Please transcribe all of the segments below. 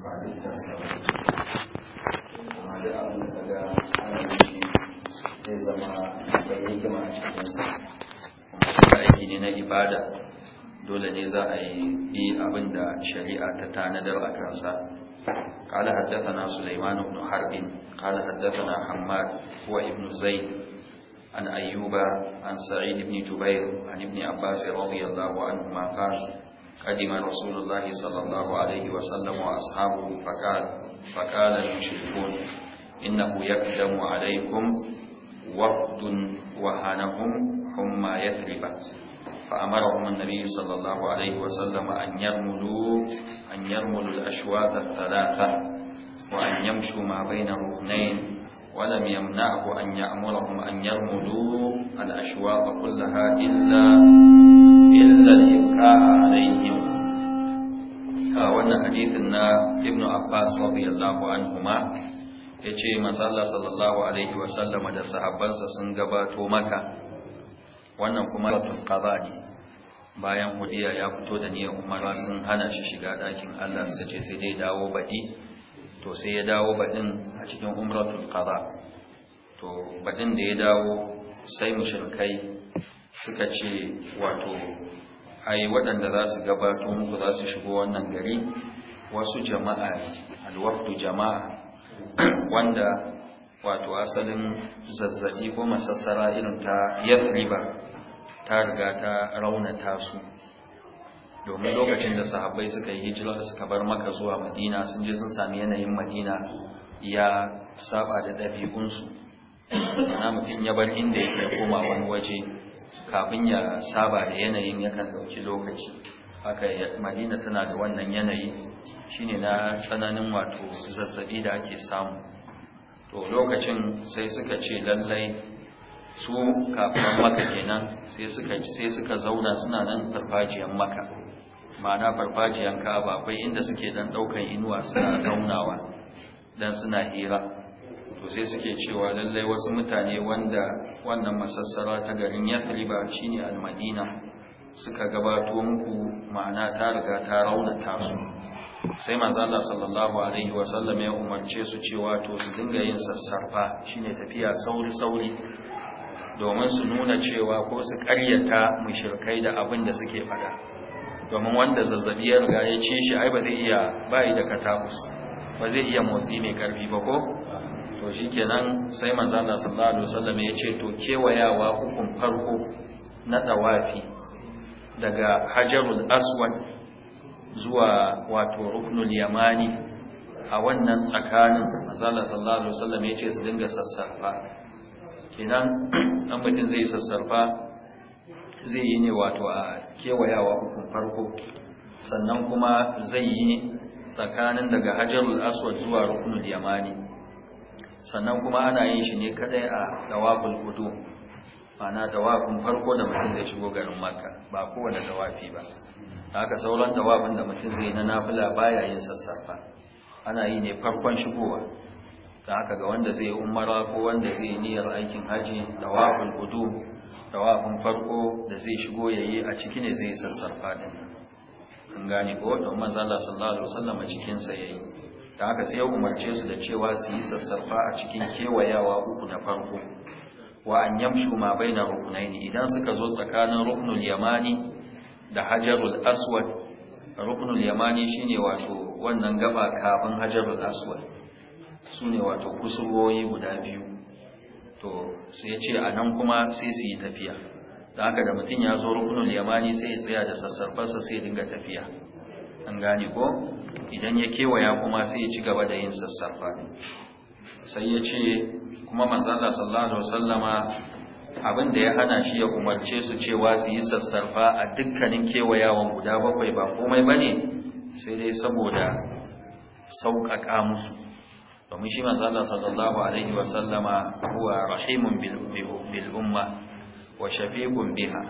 ba zai na ibada dole ne za a yi bi abin da shari'a ta tanadar a kansa قال حدثنا سليمان بن حرب قال حدثنا حماد هو ابن زيد عن أيوب عن سعيد بن جبير عن ابن عباس رضي الله عنهما قال قدم رسول الله صلى الله عليه وسلم وأصحابه فقال فقال المشركون إنه يقدم عليكم وفد وهنهم حمى يثرب فأمرهم النبي صلى الله عليه وسلم أن يرملوا أن يرملوا الأشواط الثلاثة وأن يمشوا ما بين ركنين ولم يمنعه أن يأمرهم أن يرمدوا الأشواق كلها إلا إلا الإبكاء عليهم wannan hadithin na Ibn Abbas radiyallahu anhuma yace manzo Allah sallallahu alaihi wa wasallama da sahabbansa sun gabato maka wannan kuma ratul ne. bayan hudiya ya fito da niyyar umara sun hana shi shiga dakin Allah suka ce sai dai dawo badi to sai ya dawo baɗin a cikin umratul qada to baɗin da ya dawo sai mushrikai suka ce wato ai waɗanda za su gabato muku za su shigo wannan gari wasu jama'a alwafdu jama'a wanda wato asalin zazzabi ko masassara irin ta yadriba ta riga ta raunata su domin lokacin da sahabbai suka yi hijira suka bar maka zuwa madina sun je sun sami yanayin madina ya saba da ɗabi'unsu na mutum ya bar inda ya koma wani waje kafin ya saba da yanayin yakan ɗauki lokaci haka madina tana da wannan yanayi shine na tsananin wato zazzabi da ake samu to lokacin sai suka ce lallai su kafin maka kenan sai suka sai suka zauna suna nan farfajiyan maka ma'ana farfajiyan ka'aba akwai inda suke dan daukan inuwa suna zaunawa dan suna hira to sai suke cewa lallai wasu mutane wanda wannan masassara ta garin Yathriba shine al-Madina suka gabato muku ma'ana ta riga ta raunata su sai manzo Allah sallallahu alaihi wa sallam ya umarce su cewa to su dinga yin sassarfa shine tafiya sauri sauri domin su nuna cewa ko su karyata mushirkai da abin da suke fada domin wanda zazzabi ya riga ya ce shi ai ba zai iya bai da katabus ba zai iya motsi mai karfi ba ko to shikenan sai manzo Allah sallallahu alaihi wasallam ya ce to kewayawa hukun farko na dawafi daga hajarul aswad zuwa wato ruknul yamani a wannan tsakanin manzo Allah sallallahu alaihi wasallam ya ce su dinga sassafa kenan an mutum zai sassarfa zai yi ne wato a kewayawa hukun farko sannan kuma zai yi tsakanin daga hajjarul aswad zuwa rukunul yamani sannan kuma ana yin shi ne kadai a dawaful kudu ana dawafin farko da mutum zai shigo garin maka ba kowane dawafi ba haka sauran dawafin da mutum zai na nafula baya yin sassarfa ana yi ne farkon shigowa da haka ga wanda zai umara ko wanda zai niyyar aikin haji hudu da wafin farko da zai shigo ya yi a ciki ne zai sassarfa din an gane ko da umar sallallahu alaihi wasallam a cikinsa ya yi, da haka sai ya umarce su da cewa su yi sassarfa a cikin kewayawa uku na farko wa an yamshu ma baina ne. idan suka zo tsakanin ruknul yamani da hajarul aswad ruknul yamani shine wato wannan gaba kafin hajarul aswad su ne wato kusurwoyi guda biyu to sai ce a nan kuma sai su yi tafiya da haka da mutum ya zo rukunin yamani sai ya tsaya da sassarfarsa sai dinga tafiya an gane ko idan ya kewaya kuma sai ci gaba da yin sassarfa sai ya ce kuma manzala sallallahu alaihi wasallama abin da ya hana shi ya umarce su cewa su yi sassarfa a dukkanin kewayawan guda bakwai ba komai bane sai dai saboda sauƙaƙa musu domin shi manzo Allah wa sallama huwa rahimun bil umma wa shafiqun biha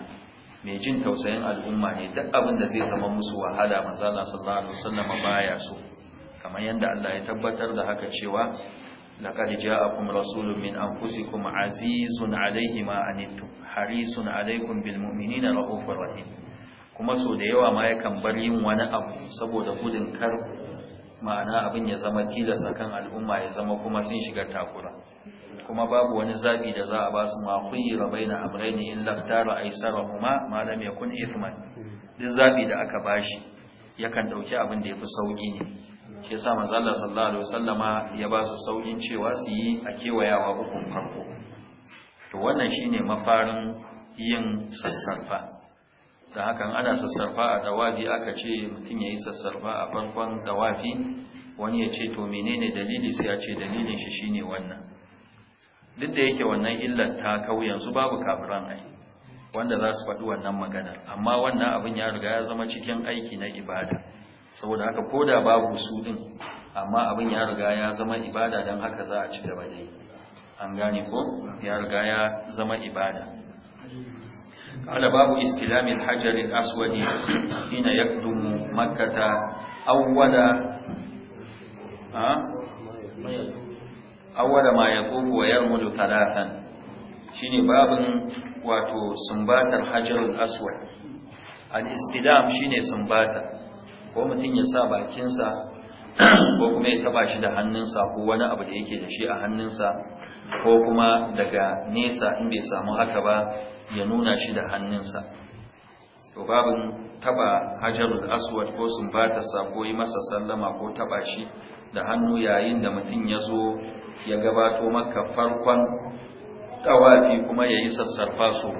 mai jin tausayin al'umma ne duk abin da zai zama musu wahala manzo Allah sallallahu wa sallama baya so kamar yadda Allah ya tabbatar da haka cewa laqad ja'akum rasulun min anfusikum azizun alayhi ma rahim kuma sau da yawa ma yakan bar yin wani abu saboda gudun kar ma'ana abin ya zama tilasa kan al'umma ya zama kuma sun shiga takura kuma babu wani zabi da za a ba su ma khuyira baina a yi ikhtara kuma ma lam yakun ithman duk zabi da aka ba shi yakan ɗauki abin da yafi sauki ne shi yasa manzo Allah sallallahu alaihi wasallama ya ba su saukin cewa su yi a kewayawa hukun farko to wannan shine mafarin yin sassarfa da hakan ana sassarfa a dawafi aka ce mutum ya yi sassarfa a farkon dawafi wani ya ce to menene dalili sai ya ce dalilin shi shi ne wannan duk da yake wannan illar ta kawo yanzu babu kafiran ai wanda za su faɗi wannan maganar amma wannan abin ya riga ya zama cikin aiki na ibada saboda haka ko da babu su ɗin amma abin ya riga ya zama ibada don haka za a ci gaba da yi an gane ko ya riga ya zama ibada قال باب استلام الحجر الأسود حين يقدم مكة أول أول ما يطوف ويرمل ثلاثا شيني باب واتو سنبات الحجر الأسود الاستلام شيني سنبات ko mutum ya sa bakinsa ko kuma ya taɓa shi da hannunsa ko wani abu da yake da shi a hannunsa ko kuma daga nesa in bai samu haka ba ya nuna shi da hannunsa to babu taba hajarul aswad ko ta ko yi masa sallama ko taba shi da hannu yayin da mutum ya zo ya gabato maka farkon dawafi kuma ya yi sassarfa su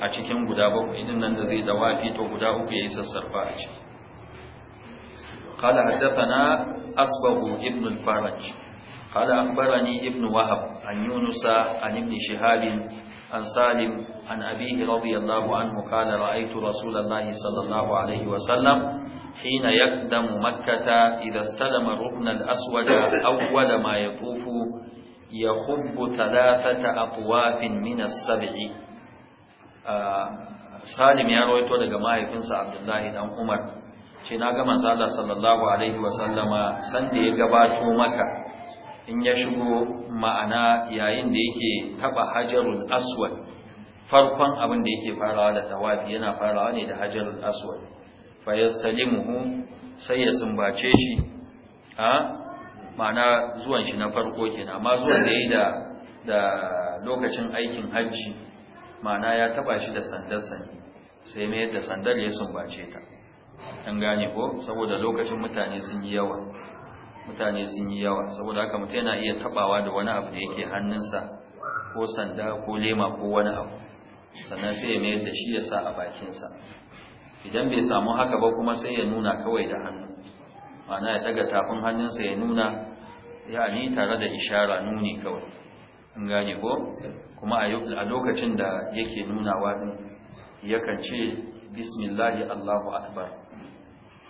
a cikin guda ba din nan da zai dawafi to guda uku ya yi sassarfa a ciki قال حدثنا أصبغ ابن الفرج قال أخبرني ابن wahab an yunusa an ابن shihabin عن سالم عن أبيه رضي الله عنه قال رأيت رسول الله صلى الله عليه وسلم حين يقدم مكة إذا استلم الركن الأسود أول ما يطوف يخب ثلاثة أطواف من السبع salim ya rawaito daga mahaifinsa abdullahi dan umar ce na ga manzo Allah sallallahu alaihi wasallama sanda ya gabato maka in ya shigo ma'ana yayin da yake taba hajarul aswad farkon abin da yake farawa da tawafi yana farawa ne da hajarul aswad fa yastalimuhu sai ya sumbace shi a ma'ana zuwan shi na farko kenan amma zuwan da yayi da da lokacin aikin hajji ma'ana ya taba shi da sandar sani sai mai da sandar ya sumbace ta an gane ko saboda lokacin mutane sun yi yawa mutane sun yi yawa saboda haka mutum yana iya tabawa da wani abu da yake hannunsa ko sanda ko lema ko wani abu sannan sai ya mayar da shi ya sa a bakinsa idan bai samu haka ba kuma sai ya nuna kawai da hannu ma'ana ya daga tafin hannunsa ya nuna ya ni tare da ishara nuni kawai in gane ko kuma a lokacin da yake nunawa din yakan ce bismillahi allahu akbar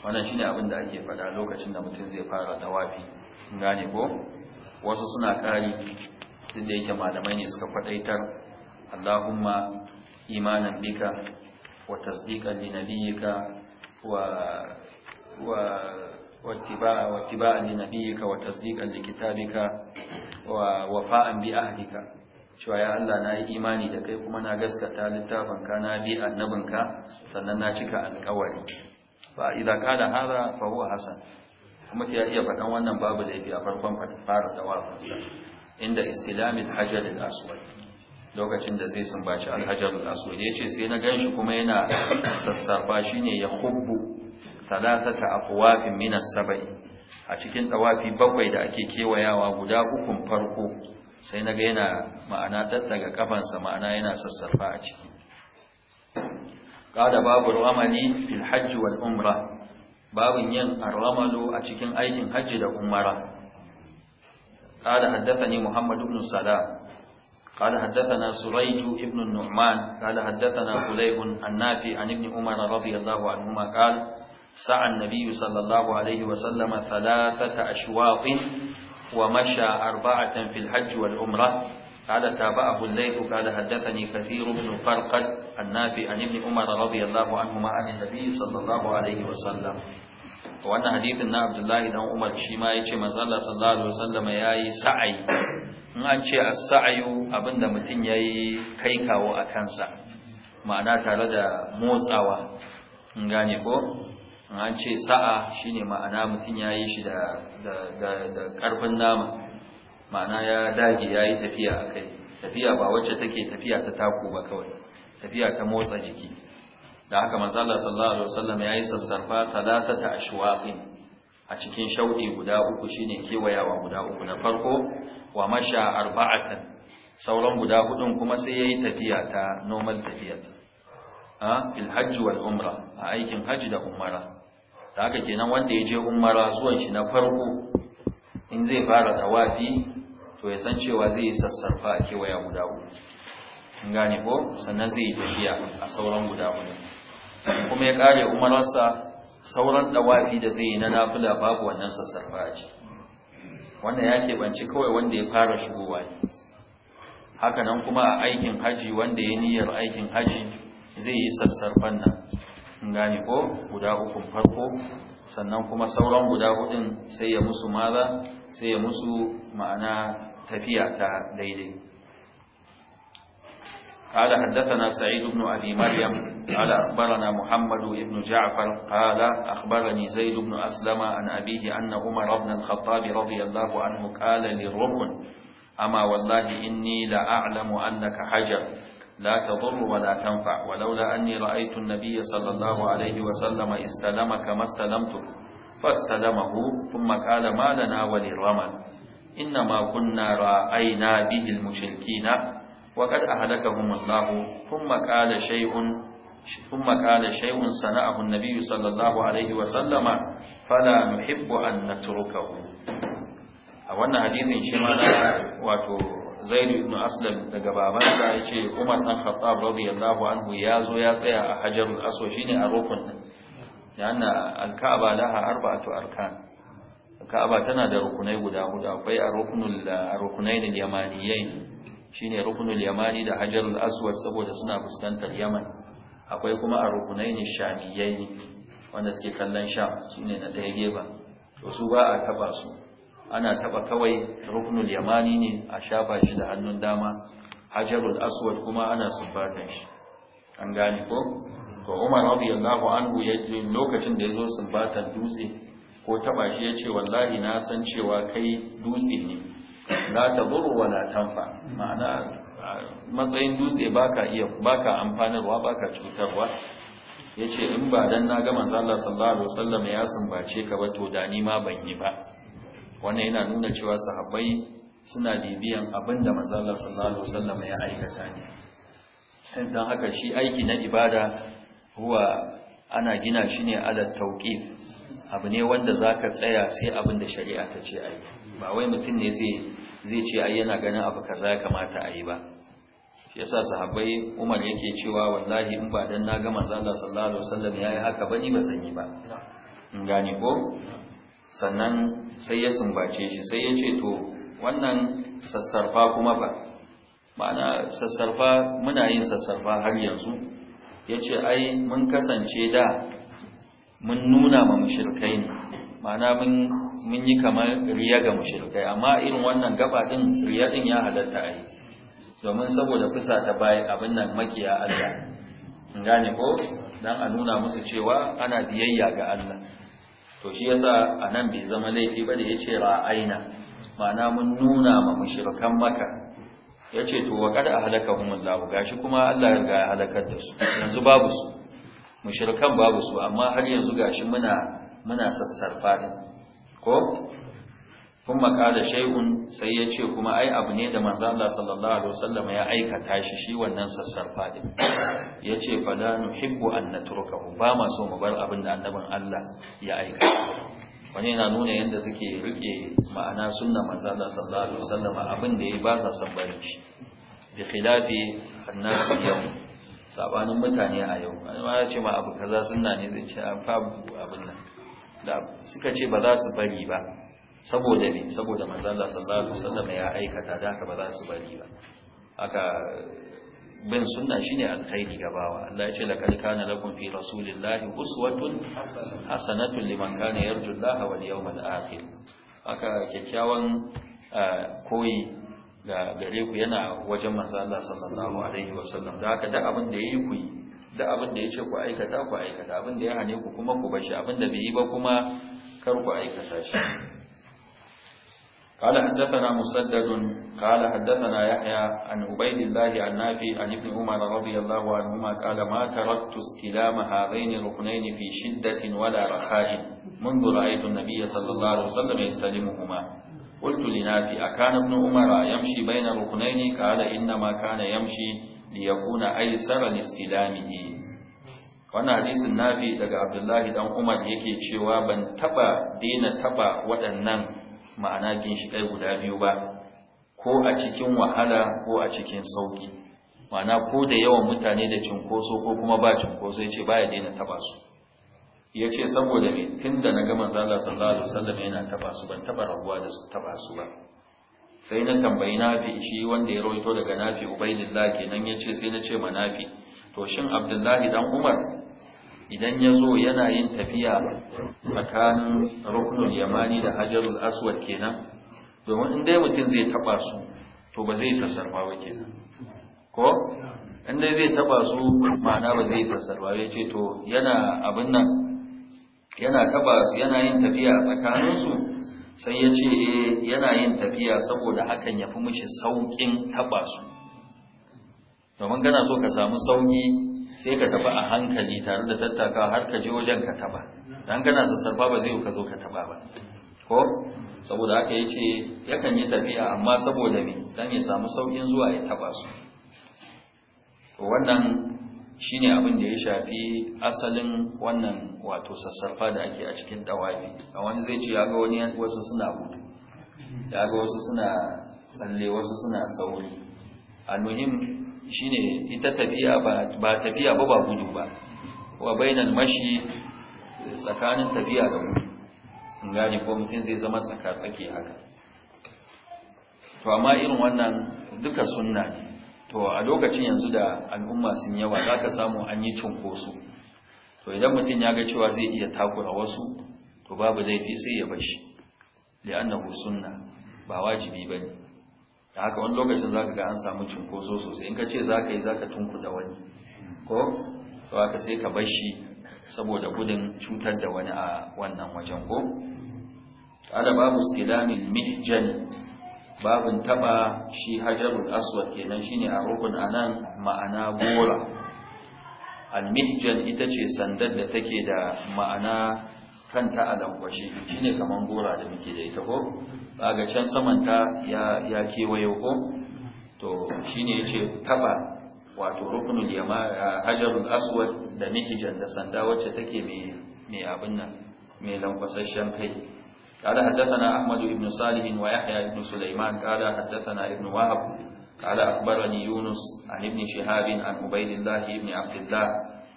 wannan ne abin da ake faɗa lokacin da mutum zai fara tawafi gane ko wasu suna ƙari duk da yake malamai ne suka faɗaitar Allahumma imanan bika wa tasdiqan li nabiyyika wa wa tasdiqan li kitabika wa wafa'an bi بعهدك cewa ya Allah na yi imani da kai kuma na gaskata littafinka na bi annabinka sannan na cika alkawari fa idza kana hadha fa huwa hasan kuma ya iya faɗan wannan babu laifi a farkon fara dawafin sa inda istilamil hajar al-aswad lokacin da zai sumbaci al-hajar al-aswad yace sai na ganshi kuma yana sassafa shine ya hubbu thalathata aqwafin min as-sab'i a cikin dawafi bakwai da ake kewayawa guda ukun farko sai na ga yana ma'ana daddaga kafansa ma'ana yana sassafa a ciki qala babu ramani fil hajj wal umra babin yin aramalu a cikin aikin hajji da umara qala haddathani muhammad ibn salam قال حدثنا سريج ابن النعمان قال حدثنا قليب النافي عن ابن عمر رضي الله عنهما قال سعى النبي صلى الله عليه وسلم ثلاثة أشواط ومشى أربعة في الحج والعمرة قال تابعه الليل قال حدثني كثير بن فرقد النافي عن ابن عمر رضي الله عنهما عن النبي صلى الله عليه وسلم wannan hadithin na Abdullahi dan Umar shima ya ce manzo Allah sallallahu alaihi wasallam yayi sa'ayi in an ce as-sa'yu abinda mutum yayi kai kawo a kansa ma'ana tare da motsawa in gane ko an ce sa'a shine ma'ana mutum yayi shi da ƙarfin karfin nama ma'ana ya dage ya yi tafiya a kai tafiya ba wacce take tafiya ta taku ba kawai tafiya ta motsa jiki da haka manzala sallallahu alaihi wasallam ya yi sassarfa talatata ashwaqin a cikin shauɗi guda uku shine kewayawa guda uku na farko wa masha arba'atan sauran guda hudun kuma sai yayi tafiya ta normal tafiya a fil hajj wal umra a aikin hajji da umara da haka kenan wanda ya je umara zuwan shi na farko in zai fara tawafi to ya san cewa zai yi sassarfa a kewaya guda uku in gane ko sannan zai tafiya a sauran guda uku kuma ya kare umararsa sauran dawafi da zai yi na nafila babu wannan sassarfa a ci wannan ya keɓanci kawai wanda ya fara shigowa ne haka nan kuma a aikin haji wanda ya niyyar aikin haji zai yi sassarfan nan in gane ko guda ukun farko sannan kuma sauran guda hudun sai ya musu maza sai ya musu ma'ana tafiya ta قال حدثنا سعيد بن أبي مريم قال أخبرنا محمد بن جعفر قال أخبرني زيد بن أسلم عن أبيه أن عمر بن الخطاب رضي الله عنه قال للرمن أما والله إني لأعلم أنك حجر لا تضر ولا تنفع ولولا أني رأيت النبي صلى الله عليه وسلم استلمك ما استلمتك فاستلمه ثم قال ما لنا وللرمل inna ma kunna ra'ayna bihi al a wa qad ahlakahum Allah thumma qala shay'un ثم قال شيء صنعه النبي صلى الله عليه وسلم فلا نحب أن نتركه wannan hadisin shi na wato Zaid ibn Aslam daga babansa yace Umar ibn Khattab radiyallahu anhu ya zo ya tsaya a Hajarul Aswad shine a rukun din yana al-Ka'aba laha arba'atu arkan ka'aba tana da rukunai guda hudu akwai a rukunul rukunain yamaniyain shine rukunul yamani da hajarul aswad saboda suna fuskantar yaman akwai kuma a rukunain shamiyain wanda suke kallon sham ne na daya geba to su ba a taba su ana taba kawai rukunul yamani ne a shafa shi da hannun dama hajarul aswad kuma ana sumbatan shi an gane ko Ko Umar radiyallahu anhu ya lokacin da yazo sumbatan dutse ko taba shi yace wallahi na san cewa kai dutse ne ta buru wala tanfa ma'ana matsayin dutse baka iya baka amfanarwa baka cutarwa yace in ba dan na ga manzo Allah sallallahu alaihi wasallam ya sumbace ka ba to da ni ma ban yi ba wannan yana nuna cewa sahabbai suna bibiyan abinda manzo Allah sallallahu alaihi wasallam ya aikata ne dan haka shi aiki na ibada huwa ana gina shi ne ala tauqif abu ne wanda za ka tsaya sai abin da shari'a ta ce a ba wai mutum ne zai ce ai yana ganin abu ka za kamata a yi ba shi yasa sahabbai umar yake cewa wallahi in ba dan na gama manzo sallallahu alaihi ya yi haka ba ni ba zan yi ba in gane ko sannan sai ya sumbace shi sai ya ce to wannan sassarfa kuma ba ma'ana sassarfa muna yin sassarfa har yanzu ya ce ai mun kasance da mun nuna ma mushrikai ne ma'ana mun yi kamar riya ga mushrikai amma irin wannan gaba din riya din ya halatta ai domin saboda fusa ta bai abin nan makiya Allah in gane ko dan a nuna musu cewa ana biyayya ga Allah to shi yasa anan bai zama laifi ba da yace ra'aina ma'ana mun nuna ma mushrikan maka yace to wa kad ahlakahumullahu gashi kuma Allah ya halakar da su yanzu babu su mushirkan babu su amma har yanzu gashi muna muna sassarfa din ko kuma kada shay'un sai ya ce kuma ai abu ne da manzo Allah sallallahu alaihi wasallam ya aikata shi shi wannan sassarfa din ce fa la nuhibbu an natrukahu ba ma so mu bar abin da annabin Allah ya aikata wani yana nuna yadda suke rike ma'ana sunna manzo Allah sallallahu alaihi wasallam abin da ya ba sa son bi khilafi annabi yau sabanin mutane a yau ma ya ce ma abu kaza suna ne zai ce ah, fa abin nan da suka ce ba za su bari ba saboda ne saboda manzo Allah sallallahu alaihi wasallam ya aikata da haka ba za su bari ba haka bin sunna shine alkhairi gabawa Allah ya ce la kana lakum fi rasulillahi uswatun hasanatun liman kana yarjullaha wal yawmal akhir haka kyakkyawan ah, koyi da gare ku yana wajen manzo Allah sallallahu alaihi wasallam da haka da abin da yayi ku abin da yace ku aikata ku aikata abin da ya hane ku kuma ku bashi abin da bai yi ba kuma kar ku aikata shi قال حدثنا مسدد قال حدثنا يحيى عن عبيد الله عن نافع عن ابن عمر رضي الله عنهما قال ما تركت استلام هذين الركنين في شدة ولا رخاء منذ رأيت النبي صلى الله عليه وسلم يستلمهما qultu li A akana ibn umar yamshi bayna ruknayn qala inna ma kana yamshi li yakuna aysara listilamihi wannan hadisin nafi daga abdullahi dan umar yake cewa ban taɓa daina taɓa waɗannan ma'ana ginshiƙai guda biyu ba ko a cikin wahala ko a cikin sauki ma'ana ko da yawan mutane da cunkoso ko kuma ba cunkoso ya ce ba ya daina taɓa su ya ce saboda me tun da na gama zala sallallahu alaihi wasallam yana taba su ban taba rabuwa da su taba su ba sai na tambayi nafi shi wanda ya rawaito daga nafi ubaidillah kenan ya ce sai na ce ma nafi to shin abdullahi dan umar idan ya zo yana yin tafiya tsakanin rukunin yamani da hajarul aswad kenan domin in dai mutum zai taba su to ba zai sassarfa ba kenan ko in dai zai taba su ma'ana ba zai sassarfa ya ce to yana abin nan yana taba yana yin tafiya a tsakaninsu sai ya ce eh yana yin tafiya saboda hakan ya fi mishi sauƙin taba su domin gana so ka samu sauki sai ka tafi a hankali tare da tattaka har ka je wajen ka taba dan kana sassarfa ba zai ka zo ka taba ba ko saboda haka ya ce yakan yi tafiya amma saboda me dan ya samu saukin zuwa ya taba su to wannan Shi ne abin da ya shafi asalin wannan wato sassarfa da ake a cikin dawafi a wani zai ce ga wani wasu suna gudu ga wasu suna tsalle wasu suna sauri shi ne ita tafiya ba tafiya ba ba gudu ba wa bainal mashi tsakanin tafiya da gudu in gane ko mutum zai zama tsaka tsaki haka to amma irin wannan duka sunna ne to a lokacin yanzu da al'umma sun yawa za ka samu an yi cunkoso to idan mutum ya ga cewa zai iya takura wasu to babu laifi sai ya bashi li'annahu sunna ba wajibi bane da haka wani lokacin za ka ga an samu cunkoso sosai in ka ce za ka yi za ka zaka da wani ko to haka sai ka bashi saboda gudun cutar da wani a wannan wajen ko ada babu istilami mihjan babin taba shi hajarul aswad kenan shine a rukun anan ma'ana gora almijjan ita ce sandar da take da ma'ana kanta a lankwashe shine kaman gora da muke da ita ko ba can samanta ya ya kewayo ko to shine yace taba wato rukunul yama hajarul aswad da mijjan da sanda wacce take mai mai abin nan mai lankwasashen kai قال حدثنا أحمد بن صالح ويحيى بن سليمان قال حدثنا ابن وهب قال أخبرني يونس عن ابن شهاب عن عبيد الله بن عبد الله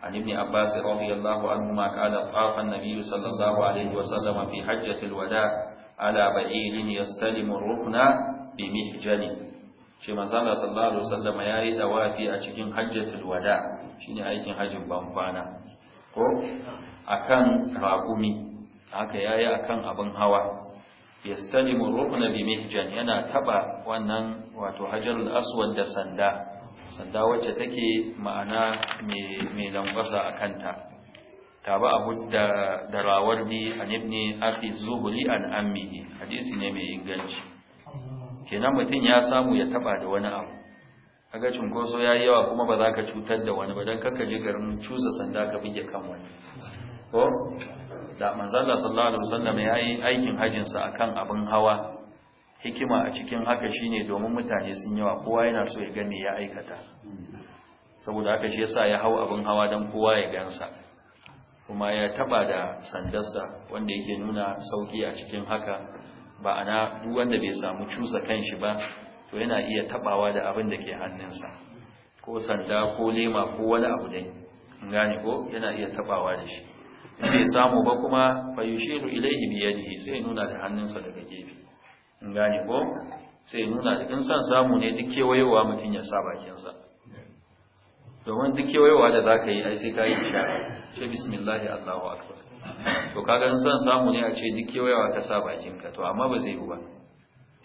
عن ابن عباس رضي الله عنهما قال طاف النبي صلى الله عليه وسلم في حجة الوداع على بعير يستلم الركن بمحجن shi manzala sallallahu alaihi wasallam yayi dawafi a cikin hajjatul wada shine aikin hajjin ban kwana ko akan raqumi haka yayi akan abin hawa yastalimu rukna bi mihjan yana taba wannan wato hajarul aswad da sanda sanda wacce take ma'ana mai lambasa a kanta taba abu da rawar ni an ibni akhi zuhri an ammi hadisi ne mai inganci kenan mutum ya samu ya taba da wani abu kaga cinkoso yayi yawa kuma ba za ka cutar da wani ba dan kakka je garin cusa sanda ka bige kan wani ko da manzala sallallahu alaihi wasallam ya yi aikin sa akan abin hawa hikima a cikin haka shine domin mutane sun yawa kowa yana so ya gane ya aikata saboda haka shi yasa ya hau abin hawa dan kowa ya gansa kuma ya taba da sandarsa wanda yake nuna sauki a cikin haka ba ana duk wanda bai samu cusa kanshi ba to yana iya tabawa da abin da ke hannunsa ko sanda ko lema ko wani abu dai gane ko yana iya tabawa da shi zai samu ba kuma fayushiru ilaihi ilayhi bi yadihi sai nuna da hannunsa daga gefe in gane ko sai nuna da in san samu ne duk kewayowa mutum ya sa bakinsa domin duk kewayewa da za ka yi ai sai ka yi ishara ce bismillahi allahu akbar to kaga in san samu ne a ce duk kewayowa ka sa bakinka to amma ba zai yi ba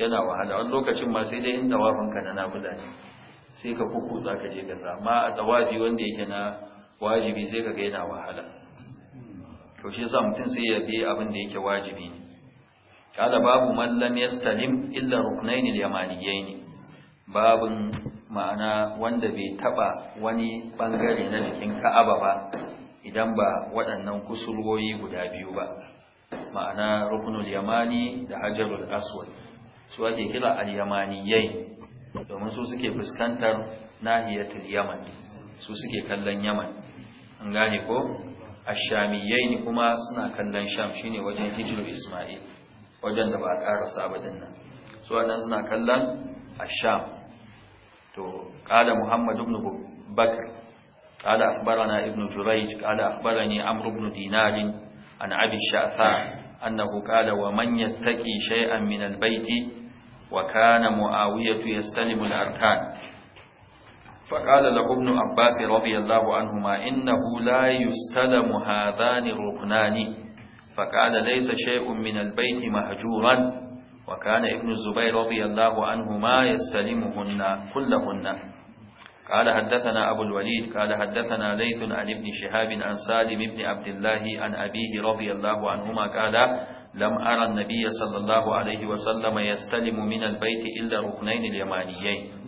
yana wahala wani lokacin ma sai dai inda wafinka na nafuda ne sai ka kukutsa ka je ka sa amma a tawaji wanda yake na wajibi sai ka ga yana wahala to shi yasa mutum sai ya bi abin da yake wajibi ne kala babu man lam yastalim illa ruknayn al-yamaniyayn babun ma'ana wanda bai taba wani bangare na jikin Ka'aba ba idan ba waɗannan kusurwoyi guda biyu ba ma'ana ruknul yamani da hajarul aswad su ake kira al-yamaniyai domin su suke fuskantar nahiyatul yaman su suke kallon yaman an gane ko ashamiyaini kuma suna kallon sham shine wajen hijiru isma'il wajen da ba a karasa ba dinnan su wannan suna kallon asham to qala muhammad ibn bakr qala akhbarana ibn jurayj qala ne amr ibn dinar an abi sha'tha annahu qala wa man yattaqi shay'an min al wa kana mu'awiyatu yastalimu al-arkan فقال له ابن عباس رضي الله عنهما إنه لا يستلم هذان الركنان فقال ليس شيء من البيت مهجورا وكان ابن الزبير رضي الله عنهما يستلمهن كلهن قال حدثنا أبو الوليد قال حدثنا ليث عن ابن شهاب عن سالم بن عبد الله عن أبيه رضي الله عنهما قال لم أرى النبي صلى الله عليه وسلم يستلم من البيت إلا ركنين اليمانيين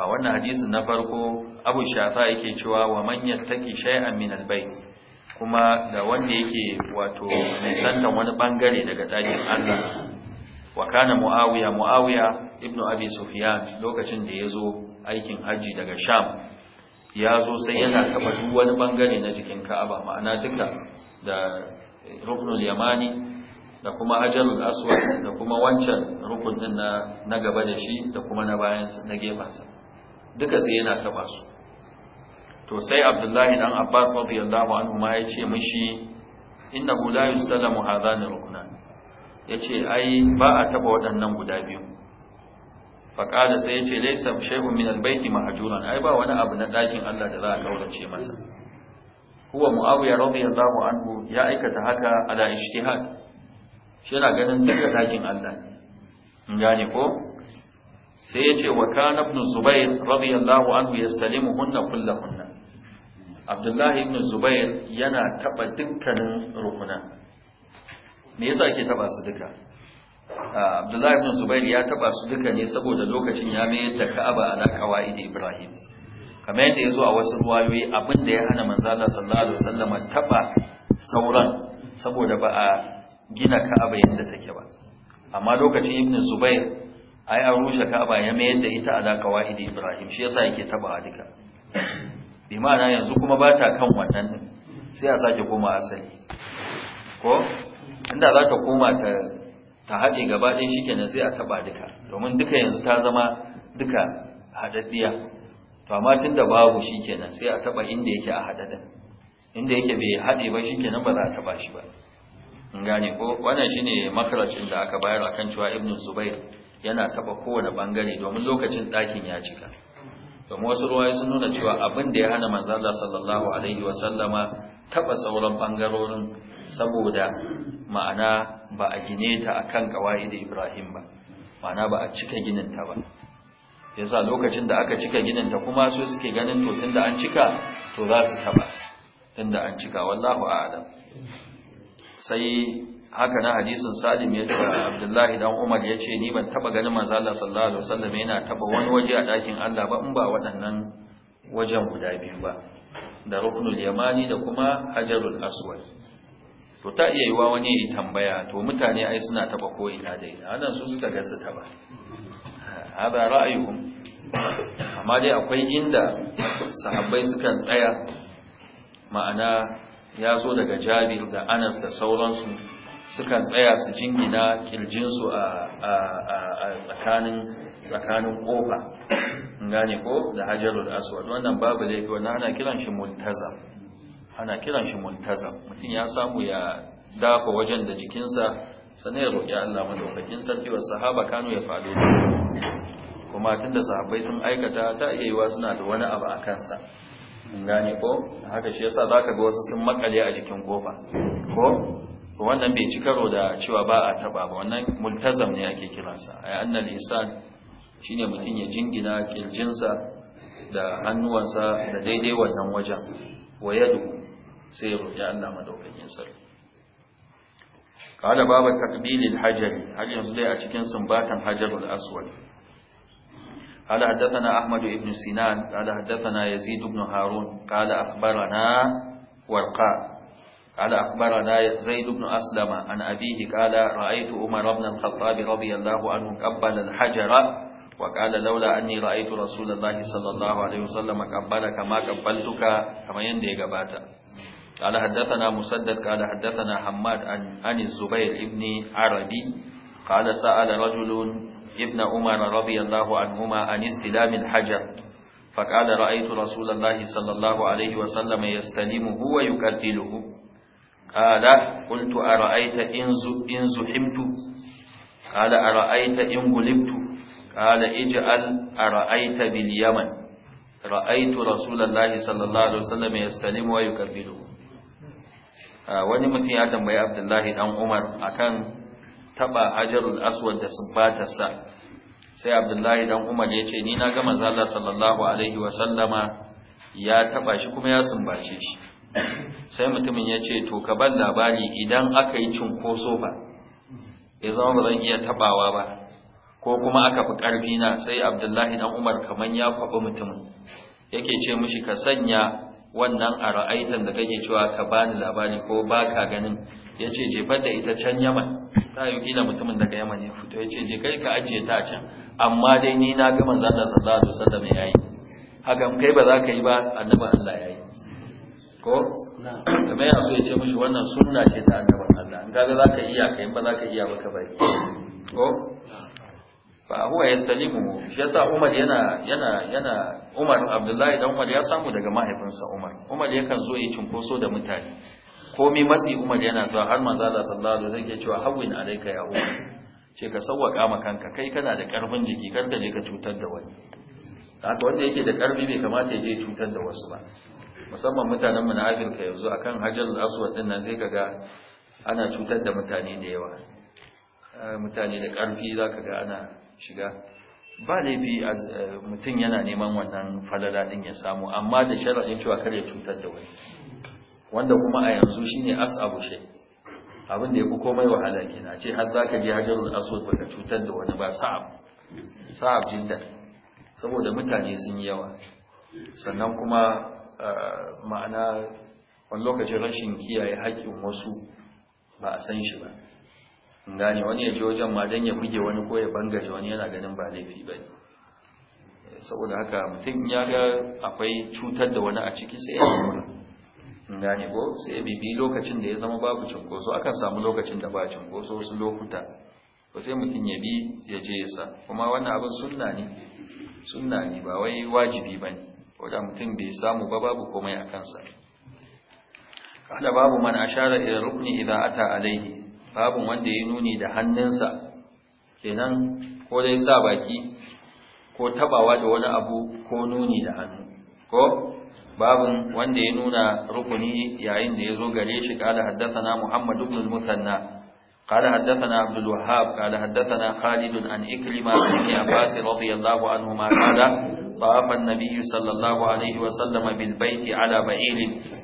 a wannan hadisin na farko abu shafa yake cewa wa manyan yattaki shay'an min albayt kuma da wanda yake wato mai santan wani bangare daga dakin Allah wa kana muawiya muawiya ibnu abi sufyan lokacin da ya zo aikin haji daga sham ya zo sai yana kafa duk wani bangare na jikin ka'aba ma'ana duka da ruknul yamani da kuma hajarul aswad da kuma wancan rukunin din na gaba da shi da kuma na bayan na gefansa duka sai yana taba su to sai abdullahi dan abbas radiyallahu anhu ma ya ce mishi innahu la yusallamu hadhan ya yace ai ba a taba waɗannan guda biyu faƙada sai ya ce laisa shay'un min albayti mahjuran ai ba wani abu na dakin Allah da za a kaurace masa huwa muawiya radiyallahu anhu ya aikata haka ala ijtihad shi yana ganin duka dakin Allah in gane ko sai ya ce wa kana ibn zubair radiyallahu anhu hunna kullahunna abdullahi ibn zubair yana taba dukkanin rukuna me yasa ake taba su duka abdullahi ibn zubair ya taba su duka ne saboda lokacin ya mai ta ka'aba ala qawaid ibrahim kamar yadda yazo a wasu ruwayoyi abinda ya hana manzo Allah sallallahu alaihi wasallam taba sauran saboda ba a gina ka'aba yadda take ba amma lokacin ibn zubair ai an rushe kaba ya mayar da ita ala kawaidi ibrahim shi yasa yake taba duka bi ma'ana yanzu kuma ba ta kan wannan sai a sake koma asali ko inda za ta koma ta ta haɗe gaba ɗaya shikenan sai a taba duka domin duka yanzu ta zama duka haɗaɗɗiya to amma tunda babu shikenan sai a taba inda yake a haɗaɗin inda yake bai haɗe ba shikenan ba za a taba shi ba in gane ko wannan shine makaracin da aka bayar akan cewa ibnu zubair yana taba kowane bangare domin lokacin ɗakin ya cika domin wasu ruwaye sun nuna cewa abin da ya hana manzala sallallahu alaihi wasallama taba sauran bangarorin saboda ma'ana ba a gine ta a kan kawai da ibrahim ba ma'ana ba a cika ginin ta ba yasa lokacin da aka cika ginin ta kuma su suke ganin to tunda an cika to za su taba tunda an cika wallahu a'lam sai haka na hadisin salim ya ce abdullahi dan umar ya ce ni ban taba ganin manzo Allah sallallahu alaihi wasallam yana taba wani waje a dakin Allah ba in ba waɗannan wajen guda biyu ba da ruknul yamani da kuma hajarul aswad to ta iya yiwa wani tambaya to mutane ai suna taba ko ina dai anan su suka ga su taba hada ra'ayuhum amma dai akwai inda sahabbai sukan tsaya ma'ana ya zo daga jabir da anas da sauransu sukan tsaya su jingina kirjinsu a tsakanin kofa gane ko da hajjarul aswad wannan babu laifi wannan ana kiran shi multazam ana kiran shi multazam mutum ya samu ya dafa wajen da jikinsa sanai ya roƙi Allah madaukakin sarki wa sahaba kanu ya faɗo kuma tun da sahabbai sun aikata ta iya yiwa suna da wani abu a kansa gane ko haka shi yasa zaka ga wasu sun makale a jikin kofa ko wannan bai ci karo da cewa ba a taba ba wannan multazam ne ake kiransa ay annal insan shine mutum ya jingina kirjinsa da hannuwansa da daidai wannan wajen wayadu sai ya Allah madaukakin sa qala babu taqbilil hajari har yanzu dai a cikin sunbatan hajarul aswad قال حدثنا أحمد بن سنان قال حدثنا يزيد بن هارون قال أخبرنا ورقاء قال أخبرنا زيد بن أسلم عن أبيه قال رأيت عمر بن الخطاب رضي الله عنه قبل الحجر وقال لولا أني رأيت رسول الله صلى الله عليه وسلم قبل كما قبلتك كما يندي قباتا قال حدثنا مسدد قال حدثنا حماد عن, عن الزبير بن عربي قال سأل رجل ابن عمر رضي الله عنهما عن استلام الحجر فقال رأيت رسول الله صلى الله عليه وسلم يستلمه ويكبله qala qultu ara'aita in in zuhimtu qala ara'aita in gulibtu qala ij'al ara'aita bil yaman ra'aitu rasulullahi sallallahu alaihi wasallam yastalimu wa wani mutum ya tambayi abdullahi dan umar akan taba hajarul aswad da sa sai abdullahi dan umar ya ce ni na ga manzo sallallahu alaihi wa sallama ya taba shi kuma ya sumbace shi sai mutumin ya ce to ka ban labari idan aka yi cunkoso ba ya zama ba zan iya tabawa ba ko kuma aka fi ƙarfi na sai abdullahi dan umar kamar ya kwaɓi mutumin yake ce mishi ka sanya wannan a ra'aitan da kake cewa ka bani labari ko ba ka ganin ya ce jefar da ita can yaman ta yi kila mutumin daga yaman ya fito ya ce je kai ka ajiye ta can amma dai ni na gama manzan da sallallahu alaihi wasallam yayi. hakan kai ba za ka yi ba annabi Allah ya yi ko kuma ya so ya ce mishi wannan sunna ce ta annabin Allah in kaga zaka iya ka in ba zaka iya ba ka bari ko fa huwa yastalimu shi yasa Umar yana yana yana Umar Abdullahi dan Umar ya samu daga mahaifinsa Umar Umar yakan zo ya cinkoso da mutane komai matsi Umar yana sa har manzo Allah sallallahu alaihi wasallam ya cewa hawin alayka ya Umar ce ka sawwaka ma kanka kai kana da karfin jiki kar ka je ka cutar da wani haka wanda yake da karfi bai kamata ya je cutar da wasu ba musamman mutanen mu na Afirka yanzu akan hajjal aswad din nan sai kaga ana cutar da mutane da yawa eh, mutane da ƙarfi zaka ga ana shiga ba laifi eh, mutum yana neman wannan falala din ya samu amma da sharaɗin cewa kar ya cutar da wani wanda kuma a yanzu shine asabu shi abin da yafi komai wahala kenan ce har zaka je hajjal aswad baka cutar da wani ba sa'ab sa'ab jiddan saboda mutane sun yi yawa sannan kuma Eh, ma'ana wani lokacin rashin kiyaye haƙƙin wasu ba a san shi ba gane wani ya je wajen ma don ya buge wani ko ya bangare wani yana ganin ba laifi ba ne eh, saboda haka mutum ya ga akwai cutar da wani a ciki sai ya samu gane ko sai ya bibi lokacin da ya zama babu cinkoso akan samu lokacin da ba cinkoso wasu lokuta ko sai mutum ya bi ya je ya sa kuma wannan abin sunna ne sunna ne ba wai wajibi ba ne ko mutum bai samu ba babu komai a kansa kada babu man ashara ila rukni idza ata alaihi babu wanda ya nuni da hannunsa kenan ko dai sa baki ko tabawa da wani abu ko nuni da hannu ko babu wanda ya nuna rukuni yayin da ya zo gare shi kala haddathana Muhammad ibn al-Musanna kala haddathana Abdul Wahhab kala haddathana Khalid an Ikrima ibn Abbas radiyallahu anhu ma kala طاف النبي صلى الله عليه وسلم بالبيت على بعير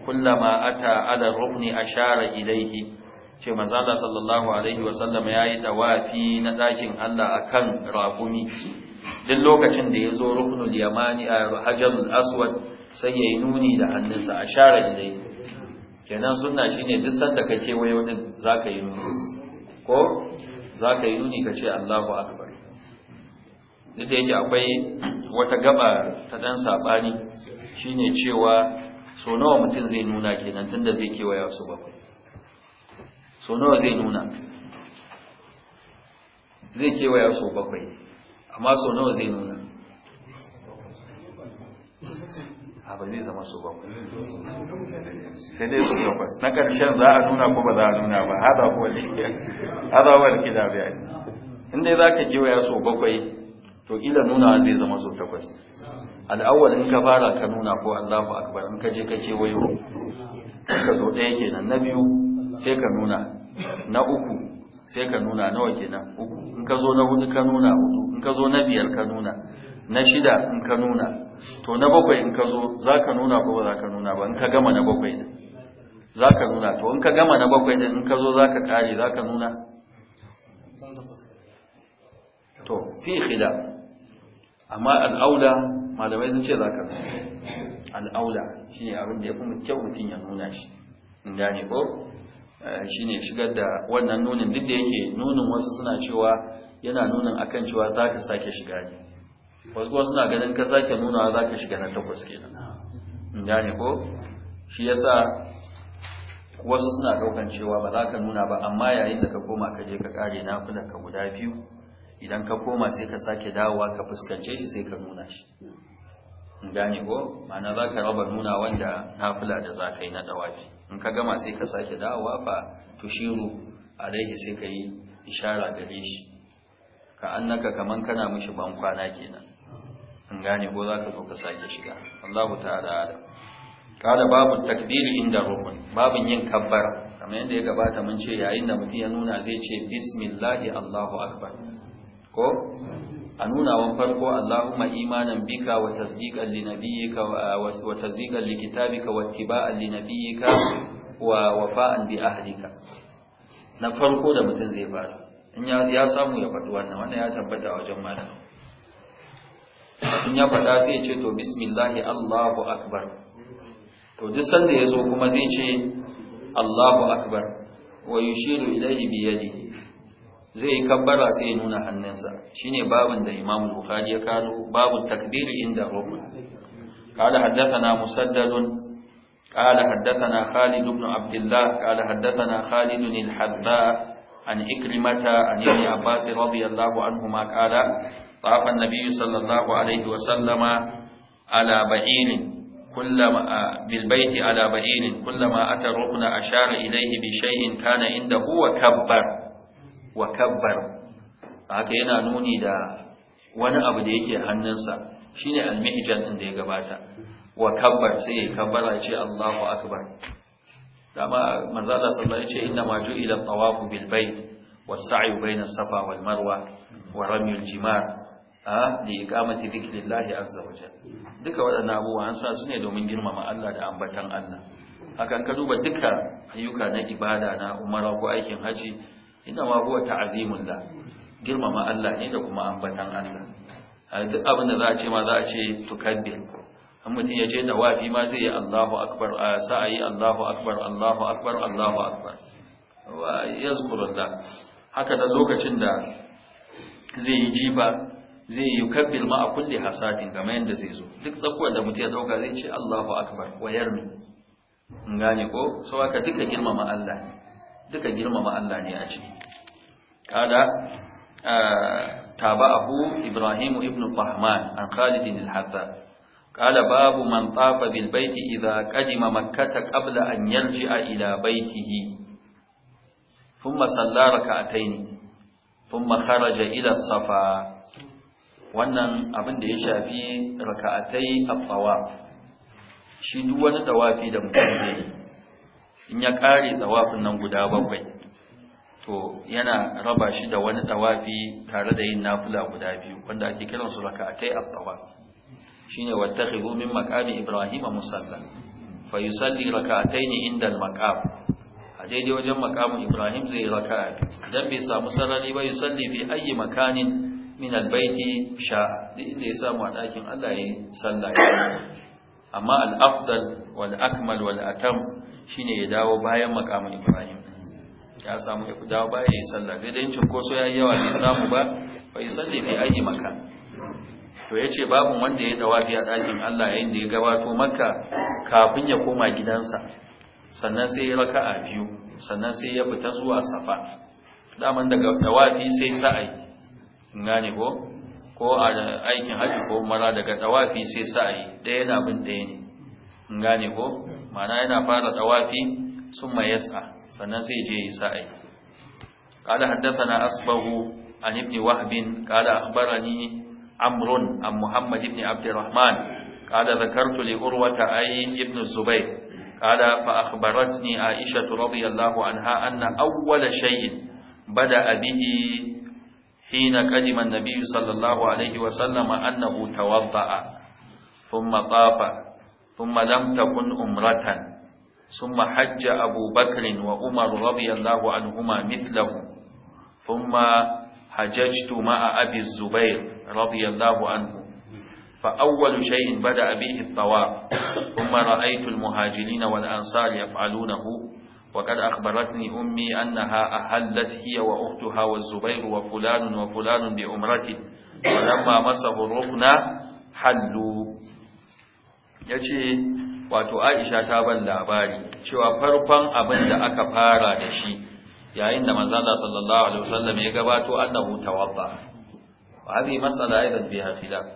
كلما أتى على الركن أشار إليه ce manzala sallallahu alaihi wasallam yayi dawafi na dakin Allah akan rakumi. duk lokacin da yazo ruknul yamani a hajarul aswad sai yayi nuni da hannunsa ashara ilai kenan sunna shine duk sanda kake wayo din zaka yi nuni ko zaka yi nuni kace Allahu akbar duk da yake akwai wata gaba ta dan sabani shine cewa so nawa mutum zai nuna kenan tunda zai kewaya su bakwai so nawa zai nuna zai kewaya su bakwai amma so nawa zai nuna ba zai zama su bakwai sai dai su bakwai na karshen za a nuna ko ba za a nuna ba hada ko wani haɗa wani kida bayani inda za ka kewaya su bakwai to ila nuna zai zama so takwas al'awwal in ka fara ka nuna ko Allahu akbar in ka je ka wayo ka zo ɗaya kenan na biyu sai ka nuna na uku sai ka nuna nawa kenan uku in ka zo na hudu ka nuna hudu in ka zo na biyar ka nuna na shida in ka nuna to na bakwai in ka zo za ka nuna ko ba za ka nuna ba in ka gama na bakwai ne? za ka nuna to in ka gama na bakwai ne in ka zo za ka kare za ka nuna to fi khidam amma al'aula malamai sun ce za ka al'aula shi ne abin da ya fi kyau mutum ya nuna shi In gane ko eh, shi ne shigar da wannan nunin duk da yake nunin wasu suna cewa yana nunin akan cewa za ka sake shiga ne wasu kuma suna ganin ka sake nuna za ka shiga na takwas kenan gane ko shi yasa wasu suna daukan cewa ba za ka nuna ba amma yayin da ka koma ka je ka kare na kula ka guda biyu idan ka koma sai ka sake dawowa ka fuskance shi sai ka nuna shi gane ko mana za ka raba nuna wanda na fula da za ka yi na dawafi in ka gama sai ka sake dawowa fa tushiru alaihi sai ka yi ishara gare shi ka annaka kaman kana mishi ban kwana kenan in gane ko za ka zo ka sake shiga Allahu ta'ala alam kada babu takbir inda rukun babin yin kabbara kamar yadda ya gabata mun ce yayin da mutum ya nuna zai ce bismillahi Allahu akbar ko a nunawan farko Allahumma imanan bika wa tasdiqan li nabiyyika ah, wa tasdiqan li kitabika wa ittiba'an li nabiyyika wa wafa'an bi ahdika na farko da mutum zai fara in ya samu ya faɗi wannan wannan ya tabbata a wajen malam in ya faɗa sai ya ce to bismillahi Allahu akbar to duk sanda ya zo kuma zai ce Allahu akbar wa yushiru ilayhi bi yadihi zai yi kabbara sai ya nuna hannunsa shine babin da Imam Bukhari ya karo babu takbiri inda rubu قال حدثنا مسدد قال حدثنا خالد بن عبد الله قال حدثنا خالد الحذاء عن إكرمة عن ابن عباس رضي الله عنهما قال طاف النبي صلى الله عليه وسلم على بعير كلما بالبيت على بعير كلما أتى الركن أشار إليه بشيء كان عنده وكبر wa kabbar haka yana nuni da wani abu da yake hannunsa shine almihjan din da ya gabata wa kabbar sai ya kabbara ce Allahu akbar dama manzo Allah sallallahu alaihi wasallam inna ma ju'ila at-tawaf bil bayt was safa wal marwa wa ramyul jimar a da iqamati dhikrillah azza wa duka waɗannan abubuwa an sa su ne domin girmama Allah da ambatan Allah A ka duba duka ayyuka na ibada na umara ko aikin haji inna ma huwa ta'zimun la girmama Allah ne da kuma ambatan Allah a duk abin da za a ce ma za a ce tukabbir an mutum ya ce da wafi ma zai yi Allahu akbar a yi Allahu akbar Allahu akbar Allahu akbar wa da? haka da lokacin da zai yi jifa zai yi kabbir ma a kulle hasatin game yadda zai zo duk tsakuwar da mutum ya dauka zai ce Allahu akbar wayar ne in gane ko sau haka duka girmama Allah ne duka girmama Allah ne a ciki kada eh, tabahu ibrahim ibn fahman an khalid bin hatta babu man tafa bil baiti idza qadima makkata qabla an yarji'a ila baitihi thumma salla ne. thumma kharaja ila safa wannan abin da ya shafi raka'atai at-tawaf shi duk wani tawafi da mutum zai in ya kare tawafin nan guda bakwai to yana raba shi da wani tawafi tare da yin nafila guda biyu wanda ake kiran su raka'atai at-tawaf shine wattakhidhu min maqami ibrahima musalla fa yusalli raka'atayn inda al-maqam a daidai wajen maqamin ibrahim zai raka'a dan bai samu sarari ba yusalli fi ayi makanin min al-baiti sha inda ya samu a dakin Allah ya salla amma al-afdal wal akmal wal atam shine ya dawo bayan makamin Ibrahim ya samu ya dawo bayan ya sallah sai dai koso yayi yawa bai samu ba ya salli fi ayi makka to yace babu wanda ya dawafi a dakin Allah yayin da ya gabato Makka kafin ya koma gidansa sannan sai ya raka'a biyu sannan sai ya fita zuwa Safa daman daga dawafi sai sa'ai gane ko ko a aikin haji ko mara daga dawafi sai sa'ai ɗaya na bin ɗaya ne gane ko mana yana fara tawafi summa yas'a sannan sai je yi sa'i haddasa na asbahu an ibn wahb qala akhbarani amrun an muhammad ibn abd alrahman qala dhakartu li urwata ay ibn zubayr qala fa akhbaratni aisha radhiyallahu anha anna awwala shay'in bada'a bihi حين قدم النبي sallallahu alaihi عليه وسلم أنه توضأ ثم ثم لم تكن أمرة ثم حج أبو بكر وأمر رضي الله عنهما مثله ثم حججت مع أبي الزبير رضي الله عنه فأول شيء بدأ به الطواف ثم رأيت المهاجرين والأنصار يفعلونه وقد أخبرتني أمي أنها أحلت هي وأختها والزبير وفلان وفلان بعمرة ولما مسه الركن حلوا ya ce wato aisha ta ban labari cewa farkon abin da aka fara da shi yayin da manzala sallallahu alaihi wasallam ya gabato annahu tawabba wa hadi mas'ala aidan biha khilaf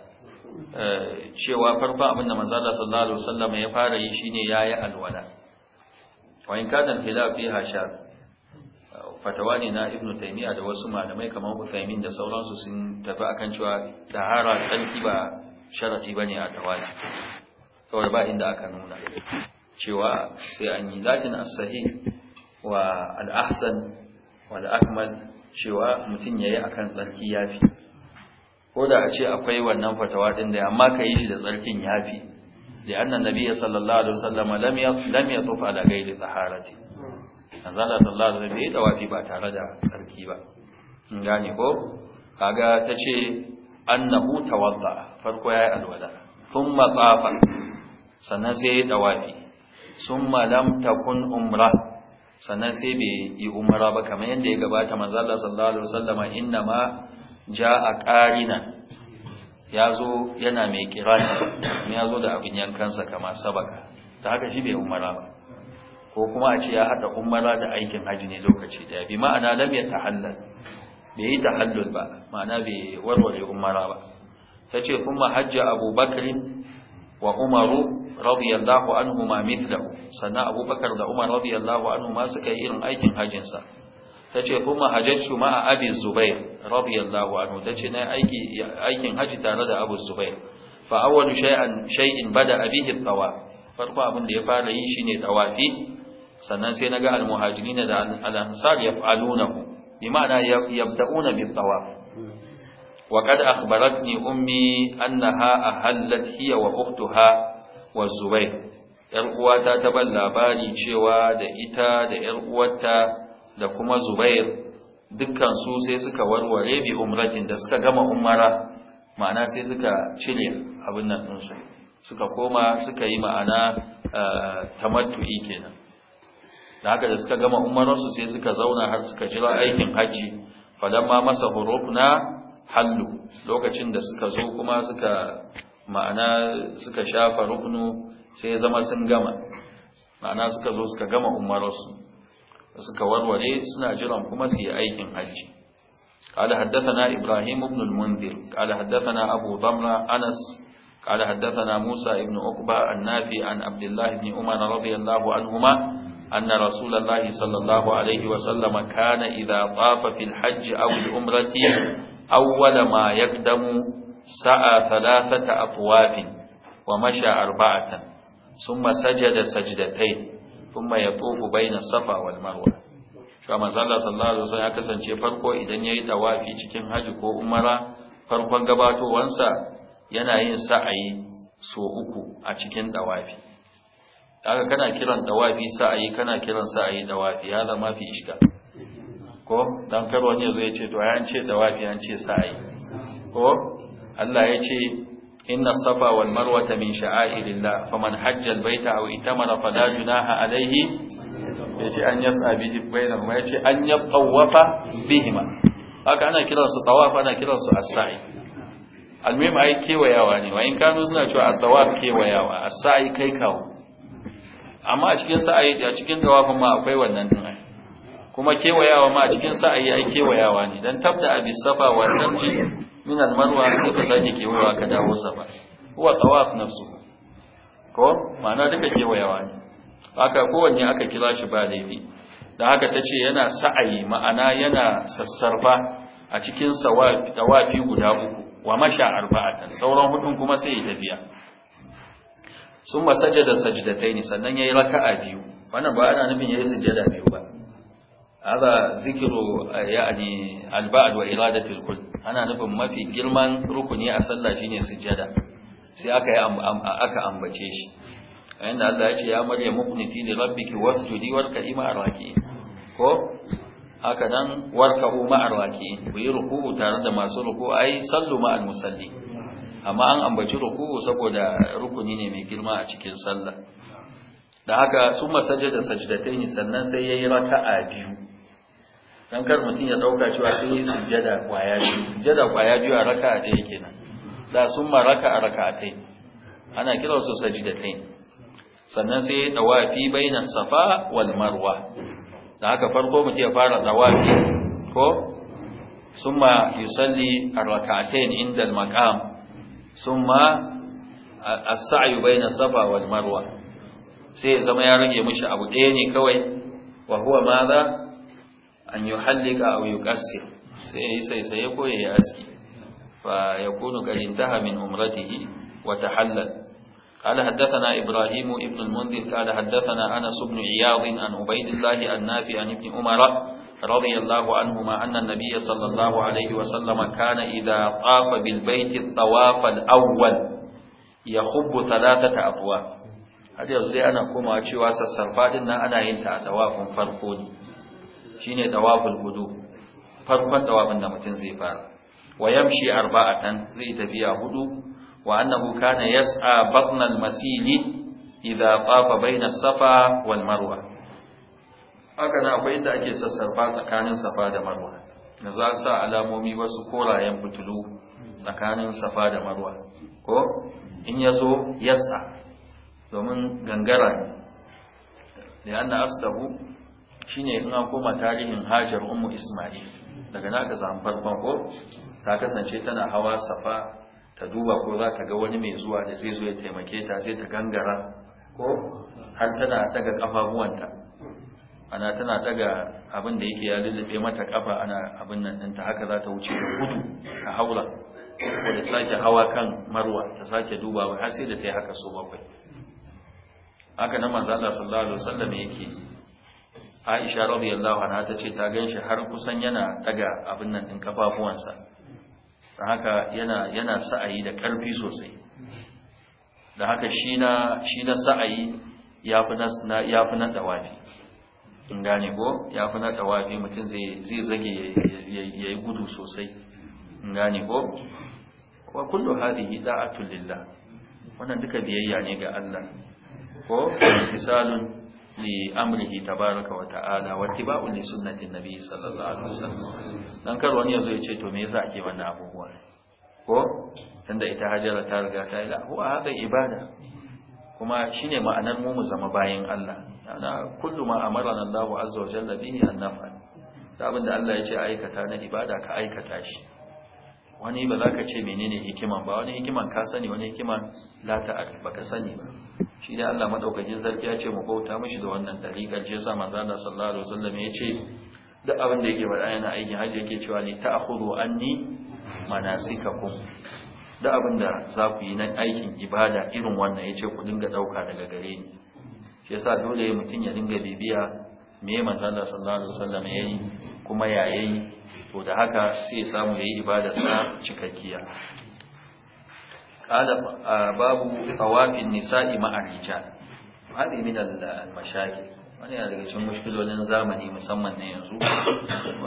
eh, cewa farkon abin da manzala sallallahu alaihi wasallam ya fara yi shine yayi alwala wa in kana khilaf fiha shar fatawani na ibnu taymiya da wasu malamai kamar taymin da sauransu sun tafi akan cewa tahara tsanki ba sharadi bane a tawali saboda ba inda aka nuna cewa sai an yi lakin as wa al-ahsan wa al-akmal cewa mutum ya yi a kan tsarki ya fi. ko da a ce akwai wannan fatawa din da amma yi shi da tsarkin ya fi. da annan ya sallallahu alaihi wasallam lam lam yatuf ala ghairi taharati azalla sallallahu alaihi wasallam tawafi ba tare da tsarki ba in gane ko kaga ta tace annahu tawadda farko ya yi alwada. thumma tafa sannan sai ya Sun summa lam kun umra sannan sai bai yi umra ba kamar yadda ya gabata mazala sallallahu alaihi wasallama inda ma jaa ya zo yana mai ne, ya zo da abin yankansa kamar sabaka ta haka shi bai umara ba ko kuma a ce ya haɗa umara da aikin haji ne lokaci daya bi ma'ana lam tahallal bai yi tahallul ba ma'ana bai warware umara ba Ta tace kuma hajja abubakar wa umaru radiyallahu anhu ma mithlahu sannan abubakar da umar radiyallahu anhu ma suka yi irin aikin hajjin sa tace kuma hajjatu ma abi zubair radiyallahu anhu tace nayi aiki aikin haji tare da abu zubair fa awwalu shay'an shay'in bada abihi tawaf farko abin da ya fara yi shine tawafi sannan sai naga almuhajirin da al-ansar yaf'alunahu bima'ana yabda'una bit tawaf وقد أخبرتني أمي أنها أهلت هي وأختها wa zubair yar uwata ta ban labari cewa da ita da yar uwarta da kuma zubair dukkan sai suka warware bi umratin da suka gama umara ma'ana sai suka cire abin nan ɗinsu suka koma suka yi ma'ana eh, tamattu'i kenan da haka da suka gama umararsu sai suka zauna har suka jira aikin hajji falamma masa na hallu lokacin da suka zo kuma suka ma'ana suka shafa rukunu sai zama sun gama ma'ana suka zo suka gama umararsu suka warware suna jiran kuma su yi aikin hajji قال حدثنا إبراهيم بن المنذر قال حدثنا أبو ضمرة أنس قال حدثنا موسى بن عقبة النافي عن عبد الله بن عمر رضي الله عنهما أن رسول الله صلى الله عليه وسلم كان إذا طاف في الحج أو العمرة أول ما يقدم sa'a thalathata atwafin wa masha arba'atan thumma sajada sajdatayn thumma yatufu baina safa wal marwa shi manzo Allah sallallahu alaihi wasallam ya kasance farko idan yayi tawafi cikin haji ko umara farkon gabatowansa yana yin sa'ayi so uku a cikin tawafi haka kana kiran tawafi sa'ayi kana kiran sa'ayi tawafi ya zama mafi iska, ko dan kar wani yazo ya ce to ai an ce tawafi an ce sa'ayi ko Allah ya ce inna safa wal marwa min sha'airillah faman hajja al baita aw itamara fala junaha alayhi yace an yas'a bihi bainahuma yace an yatawafa bihima haka ana su tawaf ana su as-sa'i almuhim ai kewayawa ne wa in kano suna cewa a tawaf kewayawa a sa'i kai kawo amma a cikin sa'i a cikin tawafin ma akwai wannan din kuma kewayawa ma a cikin sa'i ai kewayawa ne dan tabda abi safa wa tamji min almarwa sai ka sake kewayawa ka dawo sama huwa tawaf nafsu ko ma'ana duka kewayawa ne haka kowanne aka kira shi ba laifi da haka ta ce yana sa'ayi ma'ana yana sassarfa a cikin tawafi guda uku wa masha arba'atan sauran hudun kuma sai ya tafiya sun masaje da sajidatai ne sannan ya yi raka'a biyu wannan ba ana nufin ya yi sujada biyu ba haza zikiru ya ne wa iradatul kul ana nufin mafi girman rukuni a sallah shine sujada, sai aka yi aka ambace shi ayin da Allah ya ce ya Maryam muqniti li rabbiki wasjudi warka'i ma arwaki, ko haka nan warka'u ma arwaki. ku yi ruku'u tare da masu ruku ai sallu ma al musalli amma an ambaci ruku'u saboda rukuni ne mai girma a cikin sallah da haka sun masajjada sajdatayni sannan sai yayi raka'a biyu dan kar mutum ya dauka cewa sai yi sujjada kwaya biyu sujjada kwaya biyu a raka'a ɗaya kenan da sun ma raka'a raka'atai ana kira su sajidatai sannan sai dawafi bainas safa wal marwa da haka farko mutum ya fara dawafi ko inda يصلي الركعتين عند as ثم السعي safa wal marwa sai zama ya rage mishi abu ɗaya ne kawai wa huwa madha an yi hallika a yukassir sai ya yi ya koya ya aski fa ya kunu garin taha min umratihi wa ta halal قال حدثنا إبراهيم ابن المنذر قال حدثنا أنس بن an عن عبيد الله النافع عن ابن عمر رضي الله عنهما annan nabiya sallallahu alaihi عليه وسلم كان إذا طاف بالبيت الطواف الأول يخب ثلاثة أطواف har yanzu sai ana komawa cewa sassarfa din nan ana yin ta a tawafin farko ne shine tawaful wudu farkon tawafin da mutum zai fara wa yamshi arba'atan zai tafiya hudu wa annahu kana yas'a batna al-masili idza qafa bayna as-safa wal marwa haka na akwai inda ake sassarfa tsakanin safa da marwa na za sa alamomi wasu korayen fitulu tsakanin safa da marwa ko in yazo yas'a domin gangara ne da anna astahu shine in an koma tarihin hajar ummu isma'il daga naka zan farkon ko ta kasance tana hawa safa ta duba ko za ta ga wani mai zuwa da zai zo ya taimake ta sai ta gangara ko har tana daga kafafuwanta ana tana daga abin da yake ya lullube mata kafa ana abin nan ɗinta haka za ta wuce da gudu a haula ko da sake hawa kan marwa ta sake dubawa har sai da ta yi haka so bakwai haka nan manzo Allah sallallahu alaihi wasallam yake Aisha radiyallahu anha ta ce ta ganshi har kusan yana daga abin nan din kafafuwansa Dan haka yana yana sa'ayi da karfi sosai da haka shi na shi na sa'ayi yafi na yafi na tawafi in gane ko yafi na tawafi mutum zai zai zage yayi gudu sosai in gane ko wa kullu hadhihi da'atu lillah wannan duka biyayya ne ga Allah ko misalun لأمره تبارك وتعالى واتباع لسنة النبي صلى الله عليه وسلم dan kar wani yazo ya ce to me yasa ake wannan abubuwa ko tunda ita hajara ta riga ta ila huwa haka ibada kuma shine ma'anar mu mu zama bayin Allah ana kullu ma amarana Allahu azza wa jalla bihi an naf'al da abinda Allah ya ce aikata na ibada ka aikata shi wani ba za ka ce menene hikiman ba wani hikiman ka sani wani hikiman la ba ka sani ba shi da Allah madaukakin sarki ya ce mu bauta mishi da wannan dariƙar je sa manzo Allah sallallahu alaihi wasallam ya ce duk abin da yake faɗa yana aiki hajji yake cewa ni ta'khudhu anni manasikakum duk abin da za ku yi na aikin ibada irin wannan ya ce ku dinga ɗauka daga gare ni shi yasa dole mutum ya dinga bibiya me manzo Allah sallallahu alaihi wasallam ya yi kuma yayayi to da haka sai samu yayi sa cikakkiya qala babu tawafin nisa'i ma'a rijal hadi min al-mashakil wani yana daga cikin mushkilolin zamani musamman na yanzu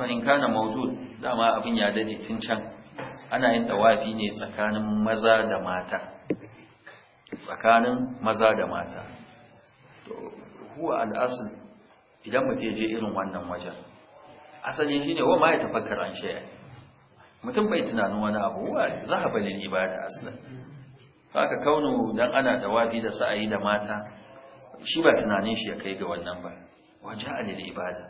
in kana mawjud dama abin ya dade tun can ana yin tawafi ne tsakanin maza da mata tsakanin maza da mata to huwa al-asl idan mutum je irin wannan wajen asali shine wa ma ya tafakkar an shay'a mutum bai tunanin wani abu wa za zahaba ba ibada asali haka kaunu dan ana wafi da sa'ayi da mata shi ba tunanin shi ya kai ga wannan ba a lil ibada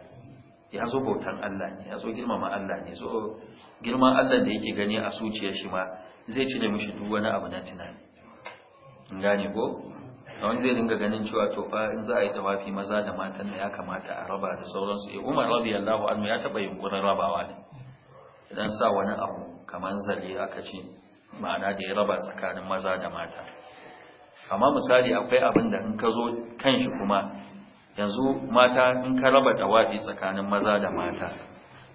ya zo bautan Allah ne ya zo girmama Allah ne so girman Allah da yake gani a zuciyar shi ma zai cire mishi duk wani abu na tunani in gane ko wani zai dinga ganin cewa to fa in za a yi tawafi maza da matan da ya kamata a raba da sauransu eh Umar radiyallahu anhu ya taba yunkurin rabawa ne idan sa wani abu kamar zali aka ce ma'ana da ya raba tsakanin maza da mata amma misali akwai abin da in ka zo kan shi kuma yanzu mata in ka raba tawafi tsakanin maza da mata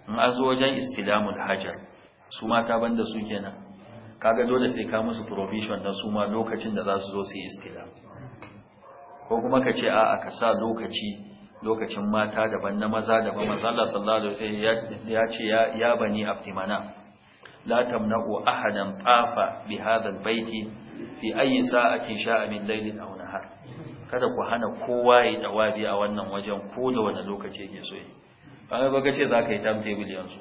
in an zo wajen istilamul hajar su mata banda su kenan kaga dole sai ka musu provision na su ma lokacin da za su zo su yi istidam ko kuma ka ce a'a ka sa lokaci lokacin mata daban na maza daban manzo Allah sallallahu alaihi ya ce ya bani abdimana la tamna'u ahadan tafa bi hadha albayti fi ayi sa'atin sha'a min laylin aw nahar kada ku hana kowa ya dawazi a wannan wajen ko da wani lokaci yake so yi baka ce za zaka yi tam table yanzu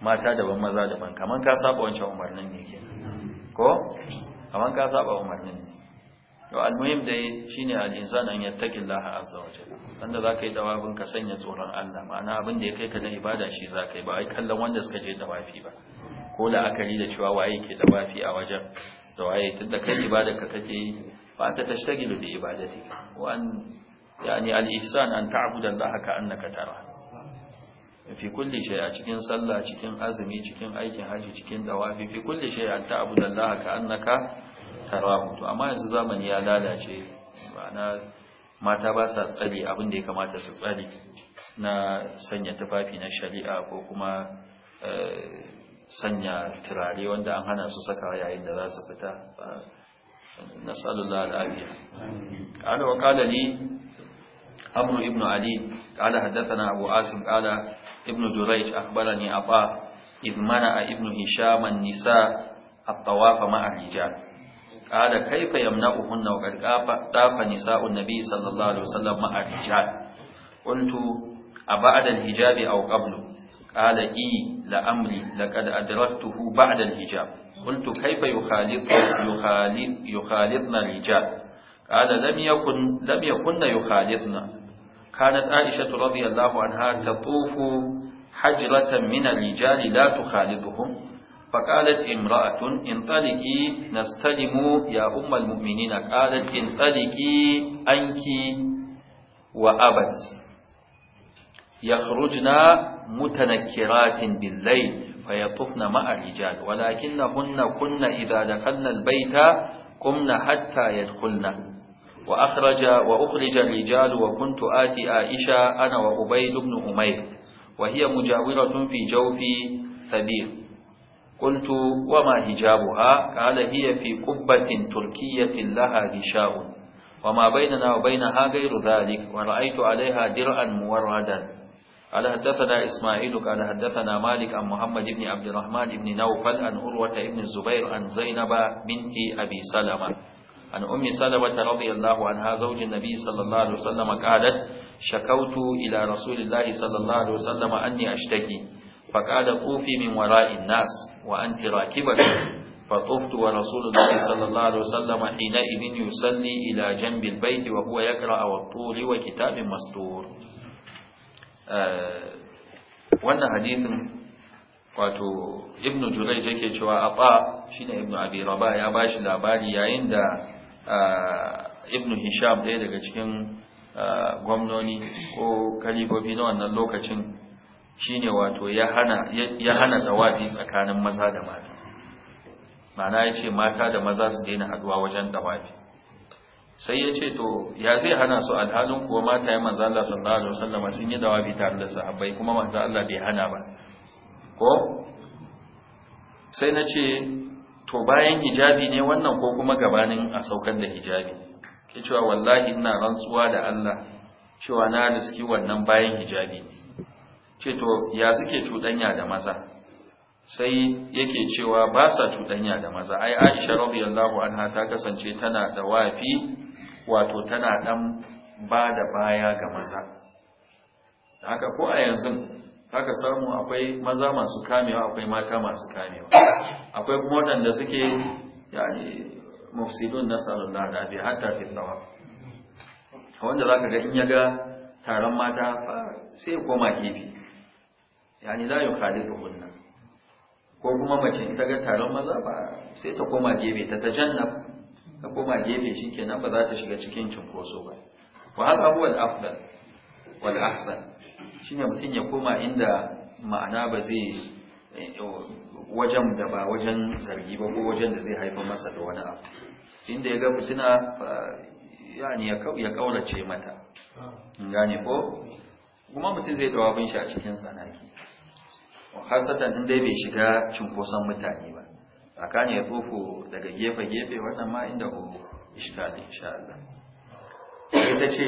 mata daban maza daban kaman ka saba wancan umarnin ne kenan ko kaman ka saba umarnin ne to almuhim dai shine al-insan an Allah azza wa jalla wanda zaka yi dawabin ka sanya tsoron Allah ma'ana abin da ya kai ka na ibada shi zaka yi ba ai kallon wanda suka je dawafi ba ko da akari da cewa waye ke dawafi a wajen da waye tunda kai ibada ka kake yi fa anta tashtagilu bi ibadatika wa an yani al-ihsan an ta'budu Allah ka annaka tara. fi kulli shay a cikin sallah cikin azumi cikin aikin haji cikin dawafi fi kulli shay an ta'budu Allah ka annaka tarahu to amma yanzu zamani ya lalace ma'ana mata ba sa tsare abin da ya kamata su tsare na sanya tufafi na shari'a ko kuma eh, sanya turare wanda an hana su saka yayin da za su fita nasallallahu al'afiya qala wa qala ne amru ibn ali qala na abu asim qala ibn jurayj akhbarani aba ibnu mana'a ibn hisham an-nisa at tawafa ma'a قال كيف يمنعهن وقد طاف نساء النبي صلى الله عليه وسلم مع الرجال قلت أبعد الحجاب أو قبله قال إي لأمري لقد أدركته بعد الحجاب قلت كيف يخالط يخالط يخالطنا الرجال قال لم يكن لم يكن يخالطنا كانت عائشة رضي الله عنها تطوف حجرة من الرجال لا تخالطهم فقالت امرأة انطلقي نستلم يا أم المؤمنين قالت انطلقي أنك وأبت يخرجن متنكرات بالليل فيطفن مع الرجال ولكنهن كن إذا دخلنا البيت قمنا حتى يدخلنا وأخرج وأخرج الرجال وكنت آتي عائشة أنا وأبيد بن أمير وهي مجاورة في جوف ثبير قلت وما حجابها قال هي في قبة تركية لها غشاء وما بيننا وبينها غير ذلك ورأيت عليها درعا موردا قال حدثنا إسماعيل قال حدثنا مالك عن محمد بن عبد الرحمن بن نوفل عن عروة بن الزبير عن زينب بنت أبي سلمة عن أم سلمة رضي الله عنها زوج النبي صلى الله عليه وسلم قالت شكوت إلى رسول الله صلى الله عليه وسلم أني أشتكي فقال قوفي من وراء الناس وأنت راكبة فطفت ورسول الله صلى الله عليه وسلم حينئذ يصلي إلى جنب البيت وهو يقرأ والطول وكتاب مستور آه wannan hadithin wato ibnu jurayj yake cewa aba shine Ibn abi rabah ya bashi labari yayin da Ibn hisham ɗaya daga cikin gwamnoni ko kalibobi na wannan lokacin shine wato ya hana ya hana dawafi tsakanin maza da mata ma'ana yace mata da maza su daina haduwa wajen dawafi sai yace to ya zai hana su alhalin kuwa mata ya manzo Allah sallallahu alaihi wasallam sun yi dawafi tare da sahabbai kuma manzo Allah bai hana ba ko sai nace to bayan hijabi ne wannan ko kuma gabanin a saukar da hijabi ke wallahi ina rantsuwa da Allah cewa na riski wannan bayan hijabi ne ce to ya suke cuɗanya da maza sai yake cewa ba sa cuɗanya da maza ai Aisha radiyallahu anha ta kasance tana da wafi wato tana dan ba da baya ga maza haka ko a yanzu haka samu akwai maza masu kamewa akwai mata masu kamewa akwai kuma waɗanda suke yani mufsidun nasallallahu alaihi hatta fi tsawa wanda zaka ga in ya ga taron mata sai koma gefe yani la yukhalifuhunna ko kuma mace ta ga taron maza ba sai ta koma gefe ta ta janna ta koma gefe shikenan ba za ta shiga cikin cinkoso ba wa hal huwa afdal wal ahsan shine mutun ya koma inda ma'ana ba zai eh, wajen da ba wajen zargi ba ko wajen da zai haifar masa da wani abu inda ya ga fitina yani ya kaulace mata gane ko kuma mutum zai bin shi a cikin tsanaki hasatan in dai bai shiga cunkoson mutane ba tsakani ya tsofo daga gefe-gefe wannan ma inda ishta ishkali insha Allah ta ce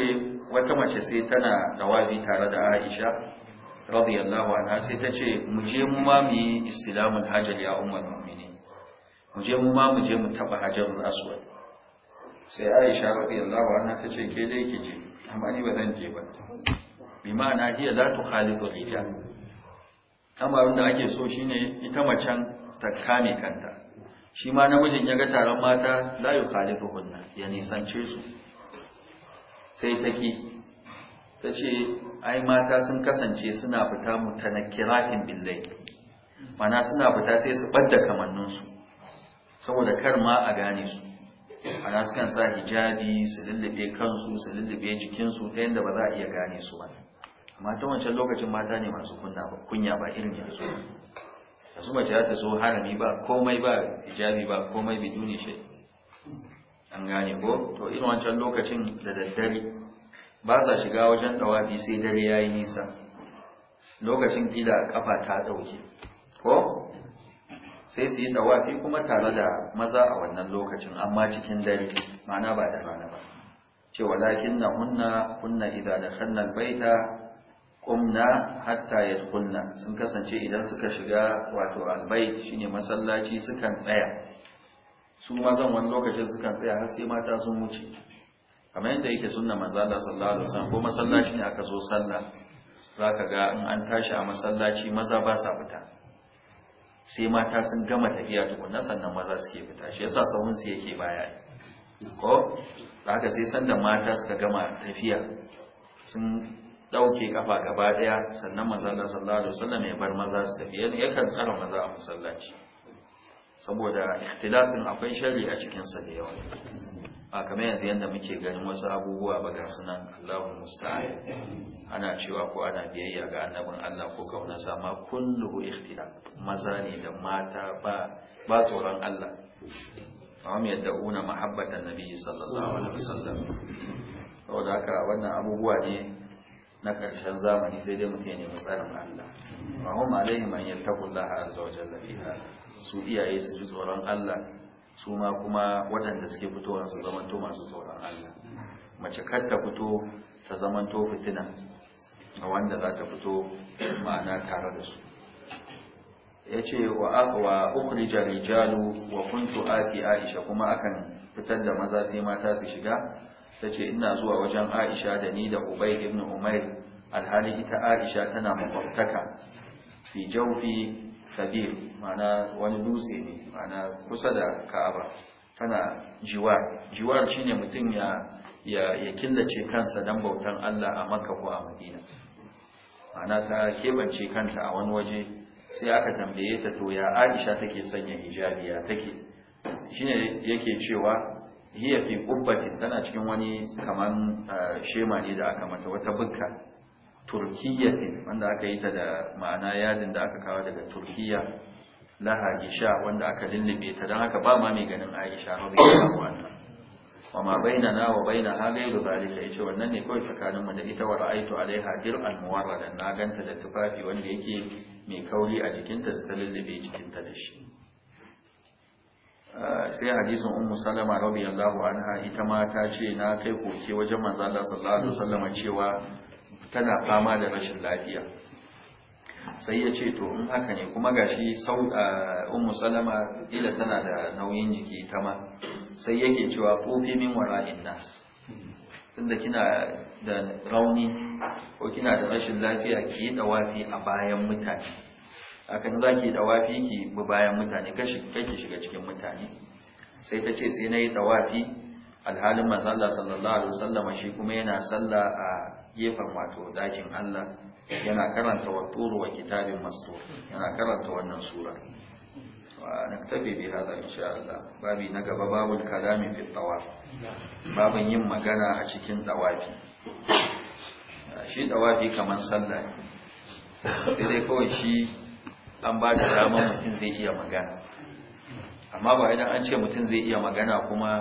wata mace sai tana dawabi tare da Aisha radiyallahu anha sai ta ce mu je mu ma mu yi istilamul hajjal ya ummul mu'minin mu je mu ma mu je mu taba hajjarul aswad sai Aisha radiyallahu anha ta ce ke dai ki je amma ni ba zan je ba bi ma'ana hiya la tukhaliqu rijal amarin da ake so shi ne ita macen ta kame kanta shi ma namijin ya ga taron mata la yukhalifu hunna ya nisance su sai ta ki ta ce ai mata sun kasance suna fita mutanakkiratin billai mana suna fita sai su ɓadda kamanninsu saboda kar ma a gane su ana sukan sa hijabi su lullube kansu su lullube jikinsu ta yadda ba za a iya gane su ba Mata wancan lokacin mata ne masu kunna ba kunya ba irin yanzu yanzu mace za ta zo harami ba komai ba hijabi ba komai biduni shi an gane ko to irin wancan lokacin da daddare ba sa shiga wajen dawafi sai dare yayi nisa lokacin kila kafa ta dauke ko sai su yi dawafi kuma tare da maza a wannan lokacin amma cikin dare ma'ana ba da rana ba cewa walakin na hunna kunna da dakhalna baita Ƙumna hatta kunna sun kasance idan suka shiga wato albayt shine masallaci sukan tsaya su mazan wani lokacin sukan tsaya har sai mata sun wuce kamar yadda yake sunna manzo Allah sallallahu alaihi wasallam ko masallaci ne aka zo sallah zaka ga in an tashi a masallaci maza ba sa fita sai mata sun gama tafiya tukunna sannan maza suke fita shi yasa sahun su yake baya ko zaka sai sanda mata suka gama tafiya sun Dauke kafa gaba ɗaya sannan mazalla sallallahu alaihi wasallam ya bar maza su tafi yakan tsara maza a masallaci saboda ikhtilafin akwai sharri a cikin sa da yawa ba kamar yanzu yanda muke ganin wasu abubuwa ba ga sunan Allahu musta'in ana cewa ko ana biyayya ga annabin Allah ko kauna sa ma kullu ikhtilaf maza ne da mata ba ba tsoron Allah amma yadda una mahabbatan nabi sallallahu alaihi wasallam saboda haka wannan abubuwa ne na ƙarshen zamani sai dai muke ya nemi tsarin Allah ma hum alaihim an yattaqullaha azza wa jalla fi su iyaye su ji tsoron Allah su ma kuma waɗanda suke fitowa su zamanto masu tsoron Allah mace kar ta fito ta zamanto fitina ga wanda za ta fito ma'ana tare da su ya ce wa ukrija rijalu wa kuntu aki aisha kuma akan fitar da maza sai mata su shiga ta ce ina zuwa wajen aisha da ni da ubai ibn umair alhali ita aisha tana makwabtaka fi jawfi sabir mana wani dutse ne mana kusa da ka'aba tana jiwar jiwar shine mutum ya ya killace kansa dan bautan Allah a Makka ko a Madina mana ta kebance kanta a wani waje sai aka tambaye ta to ya Aisha take sanya hijabi ya take shine yake cewa hiya fi qubbatin tana cikin wani kaman eh, shema ne da aka mata wata bukka turkiyyatin wanda aka yi ta da ma'ana yadin da aka kawo daga turkiyya Lahadi, sha wanda aka lullube ta don haka ba ma mai ganin aisha radiyallahu anha wa ma baina na, wa baina bainaha ghayru zalika yace wannan ne kawai tsakanin mu da ita wa ra'aytu alaiha al muwarrada na ganta da tufafi wanda yake mai kauri a jikinta da ta lullube jikinta da shi ah, sai hadisin ummu salama radiyallahu anha ita ma ta ce na kai koke wajen manzo Allah sallallahu alaihi wasallam cewa tana fama da rashin lafiya sai ya ce to in haka ne kuma gashi sau ummu salama ila tana da nauyin jiki ta ma sai yake cewa kofi min wara'in nas tunda kina da rauni ko kina da rashin lafiya ki yi dawafi a bayan mutane akan za ki yi dawafi ki bi bayan mutane kake shiga cikin mutane sai ta ce sai na yi dawafi alhalin mazalla sallallahu alaihi wasallam shi kuma yana sallah a gefen wato zakin Allah yana karanta wa turu wa kitabin mastur yana karanta wannan sura na tabi bi hada insha Allah babi na gaba babul kalami fi tawaf babin yin magana a cikin tawafi shi tawafi kamar sallah sai kawai shi an ba da dama mutum zai iya magana amma ba idan an ce mutum zai iya magana kuma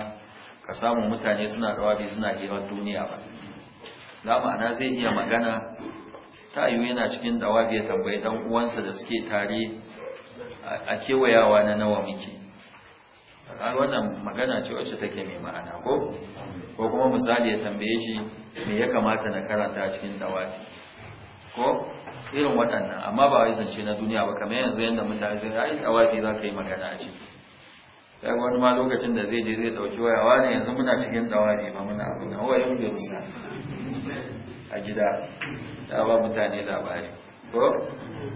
ka samu mutane suna tawafi suna hirar duniya ba da ma'ana zai iya magana ta yiwu yana cikin dawabi ya tambayi dan uwansa da suke tare a kewayawa na nawa muke wannan magana ce wacce take mai ma'ana ko ko kuma misali ya tambaye shi me ya kamata na karanta a cikin dawabi ko irin waɗannan amma ba wai zance na duniya ba kamar yanzu yadda mutane sai, ai dawabi za ka yi magana a ciki sai wani ma lokacin da zai je zai dauki wayawa ne, yanzu muna cikin dawabi ba muna abu na wayan bai a gida ta ba mutane labari ko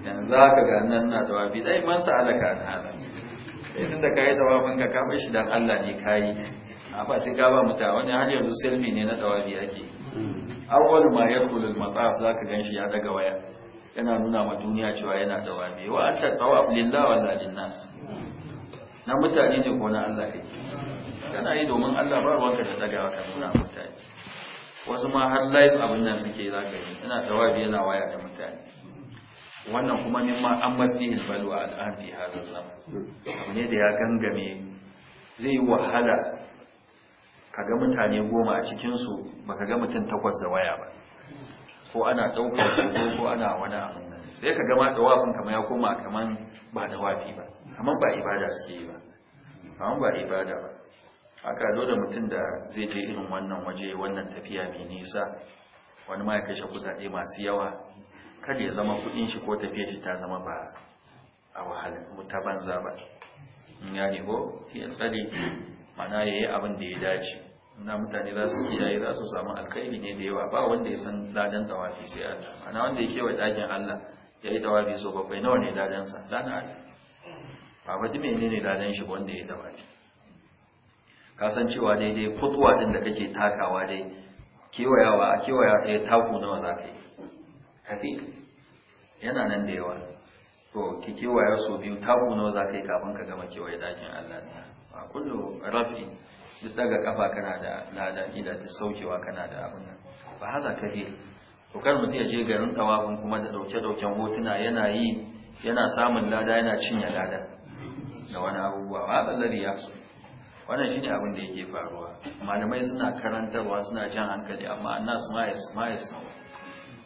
yanzu haka ga nan na tawafi dai man sa alaka na hada sai tun da kai tawafin ka ka shi dan Allah ne kai ba sai ka ba mutane wani har yanzu silmi ne na tawafi yake awwal ma yadkhulu al-mataf zaka ganshi ya daga waya yana nuna ma duniya cewa yana tawafi wa anta tawaf lillahi lin nas na mutane ne ko na Allah kai kana yi domin Allah ba ruwanka da daga waka nuna mutane wasu ma har live abin nan suke za ka yi ina tawabi yana waya da mutane wannan kuma ma an ne balwa al'an fi hazan zama abu ne da ya gangame zai yi wahala ka ga mutane goma a cikinsu ba ka ga mutum takwas da waya ba ko ana ɗaukar ko ko ana wani abin nan sai ka gama da wafin kamar ya koma kamar ba da wafi ba kamar ba ibada suke yi ba kamar ba ibada ba haka dole mutum da zai je irin wannan waje wannan tafiya mai nisa wani ma ya kashe kudade masu yawa kada ya zama kudin shi ko tafiya shi ta zama ba a wahala muta banza ba in ya ko ya tsare mana ya yi abin da ya dace na mutane za su kiyaye za su samu alkhairi ne da yawa ba wanda ya san ladan tawafi sai Allah mana wanda ya wa dakin Allah ya yi tawafi so bakwai nawa ne sa ladan Allah ba wata ne ladan shi wanda ya yi tawafi cewa daidai kutuwa din da kake takawa dai kewayawa a kewaya ɗaya taku nawa za ka yi kafi yana nan da yawa to ki kewaya so biyu taku nawa za ka yi kafin ka gama kewaye ɗakin allah a kullu rafi duk daga kafa kana da lada ila ta saukewa kana da abin nan ba haza kafi to kar mutum ya je garin tawafin kuma da ɗauke-ɗauken hotuna yana yi yana samun lada yana cinye lada da wani abubuwa ba haɗa lari ya fi wannan shi ne abin da yake faruwa malamai suna karantarwa suna jan hankali amma annas ma ya ma ya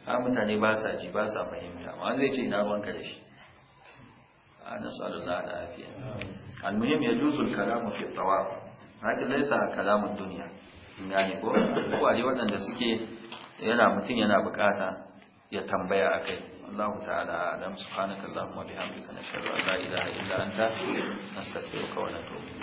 ha mutane ba sa ji ba sa fahimta an zai ce ina ruwanka da shi A nasallallahu alaihi almuhim yajuzu kalamu fi tawaf haka sa kalamun duniya gane ko kwari waɗanda suke yana mutum yana bukata ya tambaya akai Allahu ta'ala alam subhanakallahumma wa bihamdika nashhadu an la ilaha illa anta nastaghfiruka wa natubu